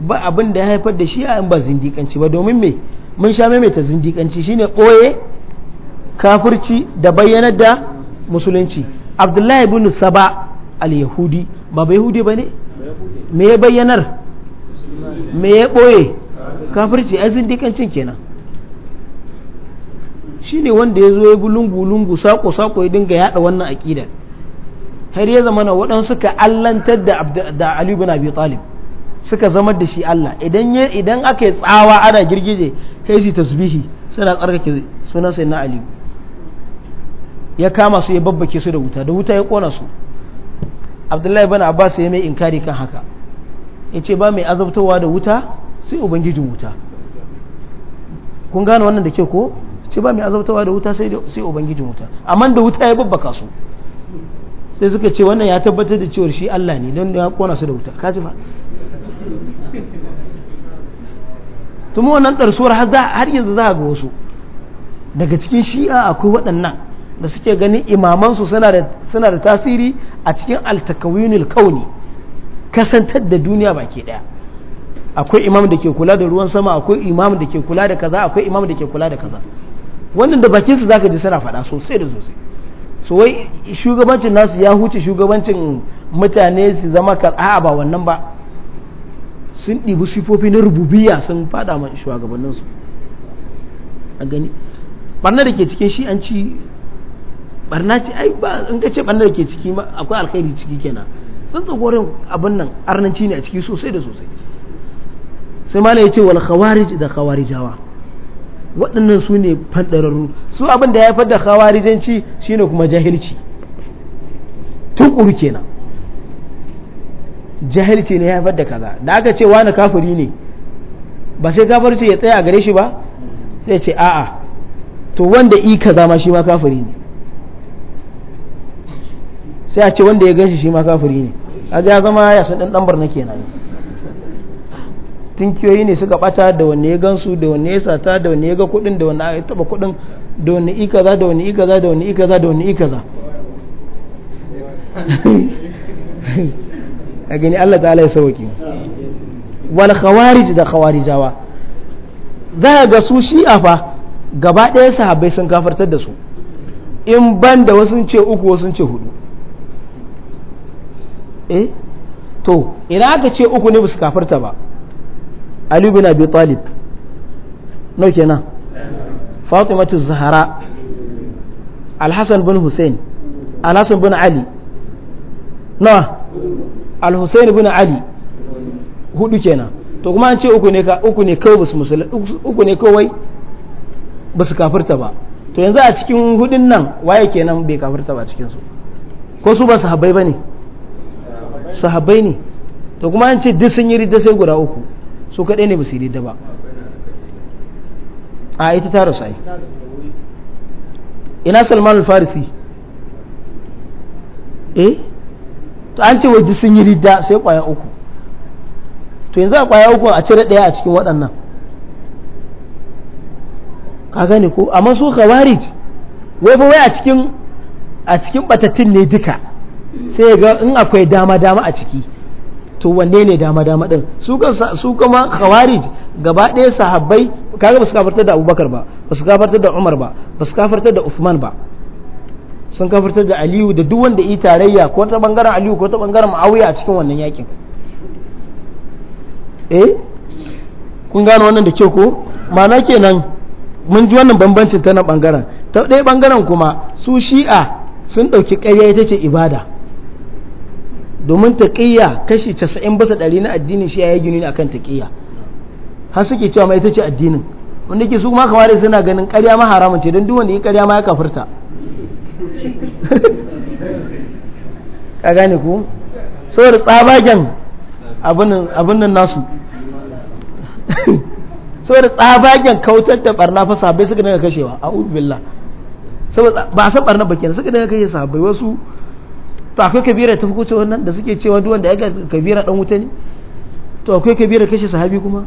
ba abin da ya haifar da shi'a in ba zindikanci ba domin me mun sha maimaita zindikanci shine koye kafirci da bayyanar da musulunci abdullahi bin saba al-yahudi ba ba yahudi ba ne me ya bayyanar me ya ɓoye kafirci a zindikancin kenan Shi ne wanda ya zo ya bi lungu-lungu sako-sako ya dinga yada wannan aƙidar har ya zama na waɗansu suka allantar da da Ali bin Abi Talib suka zama da shi Allah idan idan aka yi tsawa ana girgije kai shi tasbihi suna tsarkake sunan sai na Ali ya kama su ya babbake su da wuta da wuta ya kona su Abdullahi bin Abbas ya mai inkari kan haka ce ba mai azabtawa da wuta sai ubangijin wuta kun gane wannan da ke ko ce ba mai azabtawa da wuta sai ubangijin wuta amma da wuta ya babbaka su sai suka ce wannan ya tabbatar da cewar shi Allah ne don ya kona su da wuta kaji ba tuma wannan ɗarsuwar har yanzu za ga wasu daga cikin shi'a akwai waɗannan da suke ganin imamansu suna da tasiri a cikin altakawinul kauni kasantar da duniya baki ɗaya akwai imam da ke kula da ruwan sama akwai imam da ke kula da kaza akwai imam da ke kula da kaza wannan da bakin su zaka ji suna faɗa sosai da sosai so wai shugabancin nasu ya huce shugabancin mutane su zama ka a'a ba wannan ba sun ɗibi sifofi na rububiya sun fada ma shugabannin su a gani barna da ke cikin shi an ci barna ce ai ba in ka ce barna da ke ciki ma akwai alkhairi ciki kenan sun tsagorin abin nan arnanci ne a ciki sosai da sosai sai mala ya ce wal khawarij da khawarijawa waɗannan su ne fanɗararru su abin da ya haifar da khawarijanci shine kuma jahilci tukuru kenan jahilci ne ya haifar da kaza da aka ce wani kafiri ne ba sai kafirci ya tsaya a gare shi ba sai ce a'a to wanda i kaza ma shi ma kafiri ne sai a ce wanda ya ganshi shi ma kafiri ne a ya zama ya san dan dan na kenan tunkiyoyi ne suka bata da wanne ya gansu da wanne ya sata da wanne ya ga kudin da wanne ya taba kudin da wanne ikaza da wanne ikaza da wanne ikaza da wanne ikaza a gani Allah ta ya sauki wal khawarij da khawarijawa za a ga su shi'a fa gaba ɗaya sahabbai sun kafartar da su in ban da wasu ce uku wasu ce hudu eh to ina aka ce uku ne ba su kafarta ba ali bin abi talib no kenan fatimatu zahara alhassan bin hussein alhassan bin ali nawa alhussein bin ali hudu kenan to kuma an ce uku ne ka uku ne kawai basu musulmi uku ne kawai basu kafirta ba to yanzu a cikin hudun nan waye kenan bai kafirta ba cikin su ko su ba sahabbai bane sahabbai ne to kuma an ce duk sun yi ridda sai guda uku su kaɗai ne ba su daidai ba a ita ta rasu ai ina salman al-farisi eh to an ce waje sun yi ridda sai kwaya uku to yanzu a kwaya uku a cire ɗaya a cikin waɗannan ka gane ko amma su khawarij wai fa wai a cikin a cikin batattun ne duka sai ga in akwai dama dama a ciki to wanne ne dama dama din su su kuma khawarij gaba ɗaya sahabbai kaga ba su kafartar da Abubakar ba ba su kafartar da Umar ba ba su kafartar da Uthman ba sun kafartar da Aliyu da duk wanda yi tarayya ko ta bangaren Aliyu ko ta bangaren Muawiya a cikin wannan yakin eh kun gano wannan da kyau ko ma'ana kenan mun ji wannan bambancin ta na bangaren ta ɗaya bangaren kuma su shi'a sun ɗauki ƙarya ita ce ibada domin taƙiyya kashi 90 bisa ɗari na addinin shi yayi gini akan taƙiyya har suke cewa mai ita ce addinin wanda ke su ma kamar suna ganin ƙarya ma haramun ce don duwanda yi ƙarya ma ya kafirta ka gane ku saboda tsabagen abin nan nasu saboda tsabagen kautar da barna fa sabai suka dinga kashewa a billah saboda ba san barna ba suka dinga kashe sabai wasu to akwai kabira ta hukunce wannan da suke cewa duk wanda ya ga kabira dan wuta ne to akwai kabira kashe sahabi kuma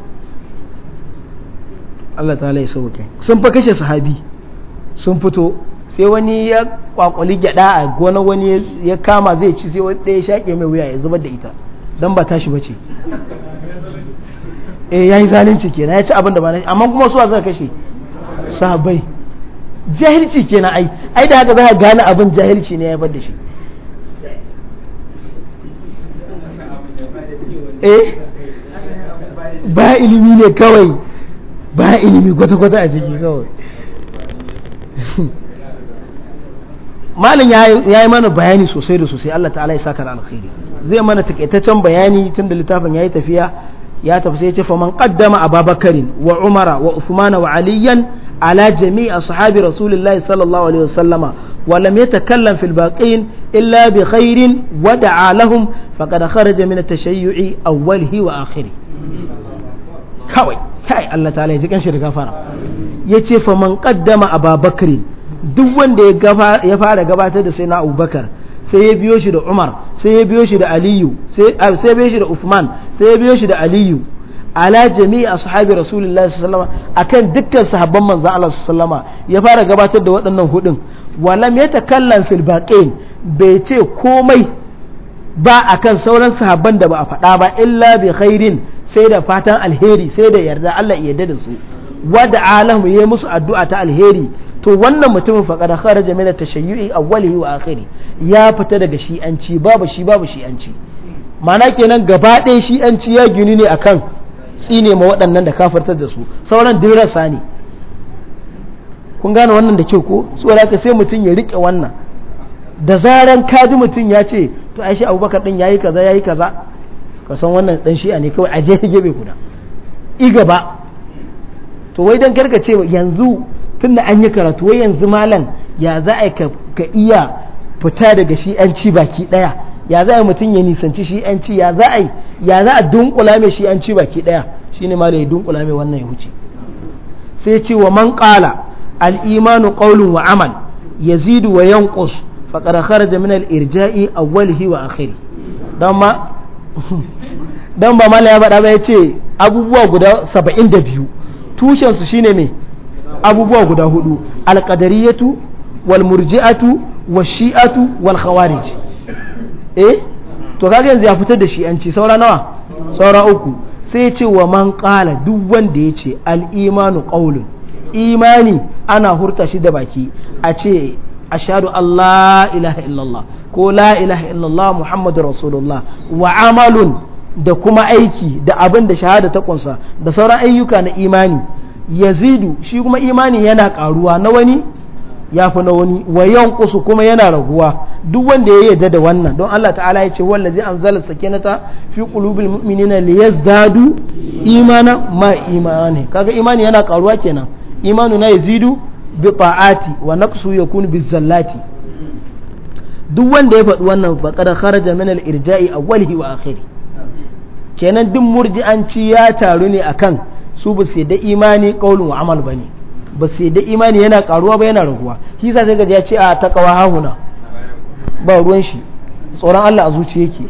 Allah ta'ala ya sauke sun fa kashe sahabi sun fito sai wani ya kwakwali gyada a gonar wani ya kama zai ci sai wani ɗaya shaƙe mai wuya ya zubar da ita dan ba tashi bace eh yayi zalunci kenan ya ci abin da ba na amma kuma su suka kashe sahabbai jahilci kenan ai ai da haka za ka gane abin jahilci ne ya bar da shi eh ba ilimi ne kawai ba ilimi kwata-kwata a ciki kawai malin ya yi mana bayani sosai da sosai Allah ta'ala ya saka da alkhairi zai mana takaitaccen bayani tun da littafin ya yi tafiya ya tafi sai ya ce faman qaddama ababakarin wa umara wa uthmana wa aliyan ala jami'a sahabi rasulullahi sallallahu alaihi wasallama ولم يتكلم في الباقين إلا بخير ودعا لهم فقد خرج من التشيع أوله وآخره كوي كاي الله تعالى يجيكن شركة فارا يتي فمن قدم أبا بكر duk wanda ya fara gabatar da sai abubakar sai ya biyo shi umar sai ya biyo shi aliyu sai ya biyo shi da sai ya biyo shi aliyu ala jami'i ashabi rasulullahi sallallahu alaihi wasallam akan dukkan sahabban manzon Allah sallallahu ya fara gabatar da waɗannan hudun walam ya ta kallon filbaƙin bai ce komai ba a kan sauran sahabban da ba a faɗa ba illa bi khairin sai da fatan alheri sai da yarda Allah ya yarda da su wada alam ya musu addu'a ta alheri to wannan mutumin faqad kharaja min at-tashayyu'i awwalihi wa akhiri ya fita daga shi'anci babu shi babu shi'anci ma'ana kenan gaba ɗaya shi'anci ya gini ne akan tsine ma waɗannan da kafartar da su sauran dirasa ne kun gane wannan da ke ko su sai mutum ya rike wannan da zaren kaji mutum ya ce to a shi abubakar din yayi kaza yayi kaza ka san wannan dan shi'a ne kawai aje ya gebe guda i gaba to wai dan karka ce yanzu tunda an yi karatu wai yanzu malam ya za a ka iya fita daga shi'anci baki daya ya za a mutum ya nisanci shi'anci ya za a ya za a dunkula mai baki daya shine malam ya dunkula mai wannan ya huce sai ce wa man qala al-imanu qawlun wa amal yazidu wa yanqus faqad kharaja min al-irja'i awwalihi wa akhiri dan ma ba mala ya bada ba yace abubuwa guda 72 tushen su shine me abubuwa guda hudu al-qadariyatu wal murji'atu wal shi'atu wal to kaga yanzu ya fitar da shi'anci saura nawa saura uku sai ya ce wa man qala duk wanda ya ce al-imanu qawlun imani ana hurta shi da baki a ce ashadu Allah ilaha illallah ko la ilaha illallah Muhammadu Rasulullah wa amalun da kuma aiki da abin da shahada ta kunsa da sauran ayyuka na imani yazidu shi kuma imani yana karuwa na wani ya fi na wani wa yankusu kuma yana raguwa duk wanda ya yarda da wannan don Allah ta'ala ya ce zai wanda wallazi anzala sakinata fi qulubil mu'minina liyazdadu imana ma imani kaga imani yana karuwa kenan imanu na yazidu bi ta'ati wa naqsu yakunu bi zallati duk wanda ya faɗi wannan faqad kharaja min al irja'i awwalihi wa akhiri kenan duk murji'anci ya taru ne akan su ba su yadda imani qaulun wa amal bane ba su yadda imani yana karuwa ba yana raguwa kisa yasa sai ga ya ce a taqwa hahuna ba ruwan shi tsoron Allah a zuciya yake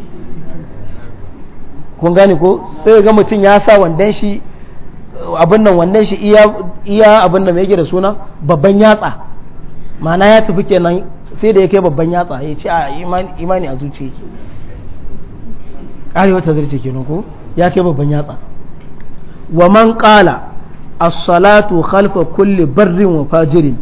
kun gane ko sai ga mutum ya sa wandan shi abin nan wannan shi iya abin da mai yake da suna babban yatsa ma'ana ya tafi kenan sai da ya kai babban yatsa ya ce a imani a zuciya yake ƙarewa ta zarce kenan ko ya kai babban yatsa wa man kala as-salatu khalfa kulli barrin wa fajirin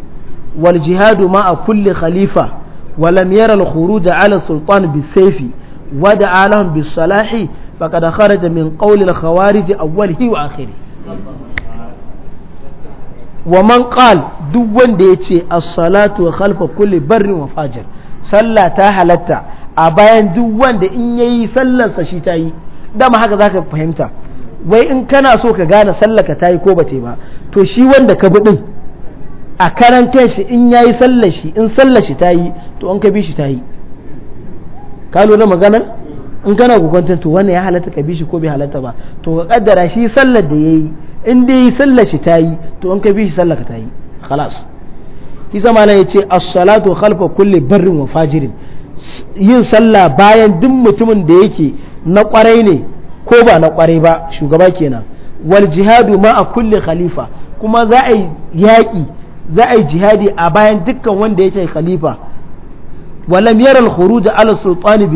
wal jihadu ma'a kulli khalifa wa lam yara al-khuruj ala sultan bisayfi wa da'a lahum salahi faqad kharaja min qawli al-khawarij awwalihi wa akhirih wa man qal duk wanda ya ce as-salatu khalfa kulli barrin wa fajir sallah ta halatta a bayan duk wanda in yayi sallarsa shi ta yi dama haka zaka fahimta wai in kana so ka gane sallaka ta yi ko ba ba to shi wanda ka bi din a karantar shi in yayi sallar shi in sallar shi ta yi to an ka bi shi ta yi ka lura maganar in kana kokonton to wannan ya halatta ka bi shi ko bai halatta ba to ka kaddara shi sallar da yayi in dai yi sallar shi tayi to in ka bi shi sallar ka tayi khalas shi sama ya ce as-salatu khalfa kulli barrin wa fajirin yin sallah bayan duk mutumin da yake na kwarai ne ko ba na kwarai ba shugaba kenan wal jihadu ma a kulli khalifa kuma za a yi yaƙi za a yi jihadi a bayan dukkan wanda yake khalifa walam yaral khuruj ala sultani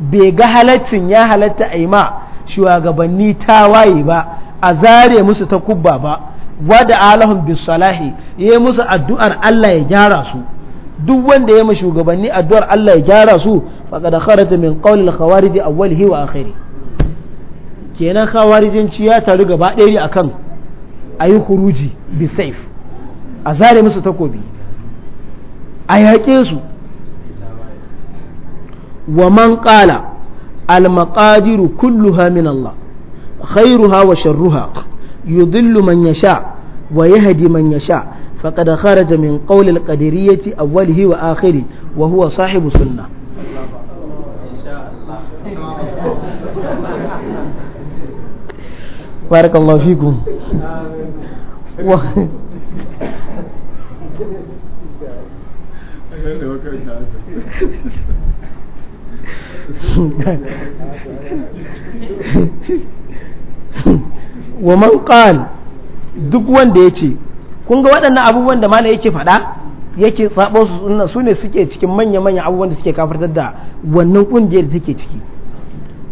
bai ga halaccin ya halatta a ma shugabanni ta waye ba a zare musu ta kubba ba wada alahum bis salahi yayi musu addu'ar Allah ya gyara su duk wanda ya yi ma shugabanni addu'ar Allah ya gyara su faqad kharaja min qawli al khawarij awwalihi wa akhiri kenan khawarijinci ya taru gaba ɗaya akan ayi khuruji a zare musu takobi a yaƙe su wa man qala al maqadiru kulluha min Allah khairuha wa sharruha yudillu man yasha wa yahdi man yasha faqad kharaja min qawl al qadiriyyati awwalihi wa akhiri wa huwa sahibu sunnah بارك wa man qal duk wanda yace kun ga waɗannan abubuwan da malai yake faɗa yake sabo su su ne suke cikin manya-manya abubuwan da suke kafartar da wannan kungiyar da take ciki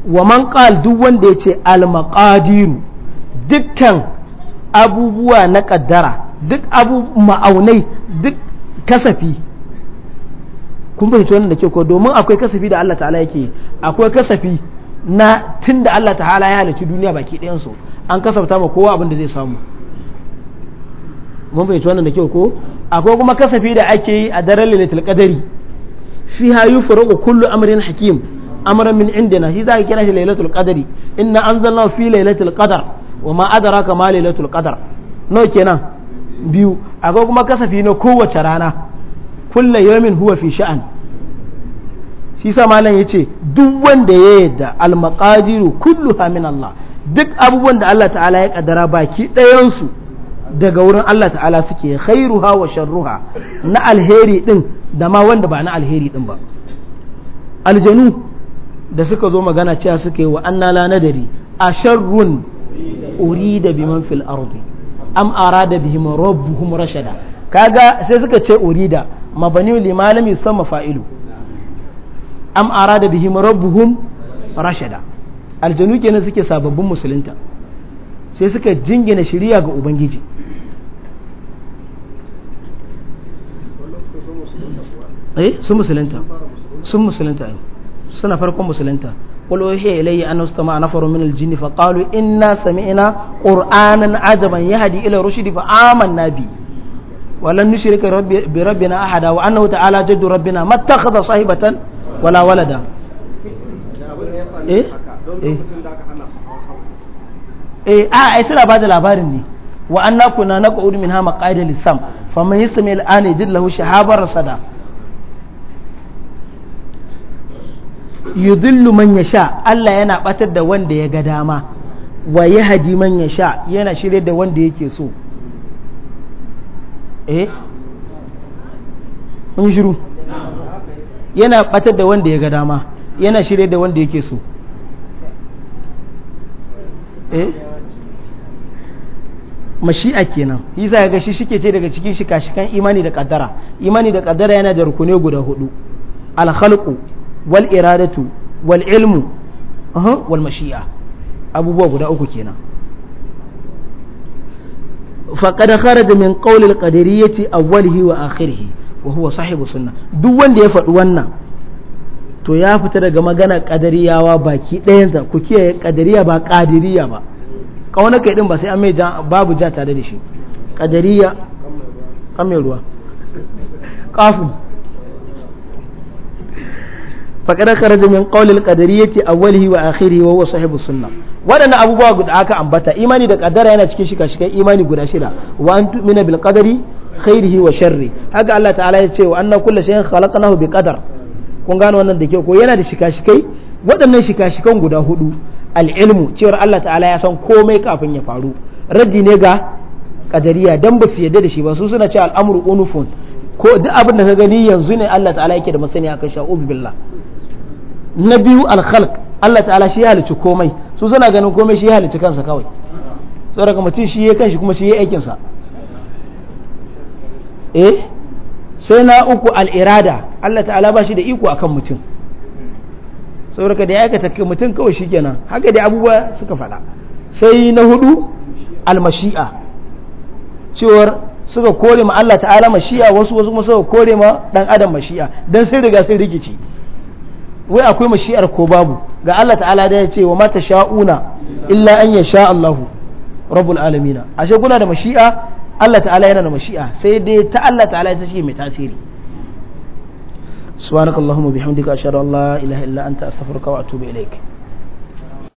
wa man qal duk wanda yace al maqadir dukkan abubuwa na kaddara duk abu ma'aunai duk kasafi kun fahimci wannan da ke ko domin akwai kasafi da Allah ta'ala yake akwai kasafi na tun da Allah ta'ala ya halici duniya baki ɗayansu an kasafta ma kowa abin da zai samu mun fahimci wannan da kyau ko akwai kuma kasafi da ake yi a daren lailatul qadari fi ha yufraqu kullu amrin hakim amran min indina shi zaka kira shi lailatul qadari inna anzalna fi lailatul qadar wa ma adraka ma lailatul qadar no kenan biyu akwai kuma kasafi na kowace rana kulla yamin huwa fi sha'an shi sa malam yace duk wanda ya yadda almakadiru maqadiru kulluha Allah duk abubuwan da Allah ta'ala ya kaddara baki ɗayan daga wurin Allah ta'ala suke khairuha wa sharruha na alheri din da ma wanda ba na alheri din ba aljanu da suka zo magana cewa suka yi wa anna la nadari a sharrun urida biman fil ardi am arada bihim rabbuhum rashada kaga sai suka ce urida mabani malami yusamma fa'ilu am arada bihim rabbuhum rashada aljanu kenan suke sababbin musulunta sai suka jingina shiriya ga ubangiji eh sun musulunta sun musulunta suna farkon musulunta قل أوحي إلي أنه استمع نفر من الجن فقالوا إنا سمعنا قرآنا عجبا يهدي إلى الرشد فآمنا به ولن نشرك ربي بربنا أحدا وأنه تعالى جد ربنا ما اتخذ صاحبة ولا ولدا إيه إيه إيه آه أي سنة بعد الأبارني وأنا كنا نقعد منها مقاعد للسم فمن يسمع الآن يجد له شهابا رصدا yudillu man yasha Allah yana batar da wanda ya ga dama wa yahdi man yasha yana shirye da wanda yake so eh kun shiru yana batar da wanda ya ga dama yana shirye da wanda yake so eh mashi'a kenan yasa ga shi shike ce daga cikin shika-shikan imani da kaddara imani da kaddara yana da rukune guda hudu alhalku wal iradatu wal ilmu wal mashi'a abubuwa guda uku kenan faqad kharaja min qawli al-qadariyyati awwalihi wa akhirih wa huwa sahibu sunnah duk wanda ya faɗi wannan to ya fita daga magana qadariyawa baki ɗayanta ku kiyaye qadariya ba qadiriya ba kauna kai din ba sai an mai babu ja tare da shi qadariya kan ruwa kafin faqad kharaja min ya ce a awwalihi wa akhirihi wa wasu sahibu sunna wadannan abubuwa guda aka ambata imani da kadara yana cikin shika shikai imani guda shida wa an tu'mina bil ƙadari khairihi wa sharri haka Allah ta'ala ya ce wa anna kulle shay'in khalaqnahu bi ƙadar. kun gano wannan da ke ko yana da shika-shikai waɗannan shika-shikan guda hudu al'ilmu cewar Allah ta'ala ya san komai kafin ya faru raji ne ga kadariya dan ba su yarda da shi ba su suna cewa al'amru unufun ko duk abin da ka gani yanzu ne Allah ta'ala yake da masaniya akan sha'ub na biyu alkhalq Allah ta'ala shi ya halicci komai su suna ganin komai shi ya halicci kansa kawai saboda mutum shi ya kanshi kuma shi ya aikin sa eh sai na uku al'irada Allah ta'ala ba shi da iko akan mutum saboda da ya aikata mutum kawai shi kenan haka da abubuwa suka faɗa sai na hudu al-mashi'a cewar suka kore ma Allah ta'ala mashi'a wasu wasu kuma suka kore ma dan adam mashi'a dan sun riga sun rikici wai akwai mashi'ar ko babu ga Allah ta'ala da ya ce wa mata sha'una illa an ya sha Allahu rabbul alamina ashe kuna da mashi'a Allah ta'ala yana da mashi'a sai dai ta Allah ta'ala ita ce mai tasiri subhanakallahumma bihamdika ashhadu an la ilaha illa anta astaghfiruka wa atubu ilaik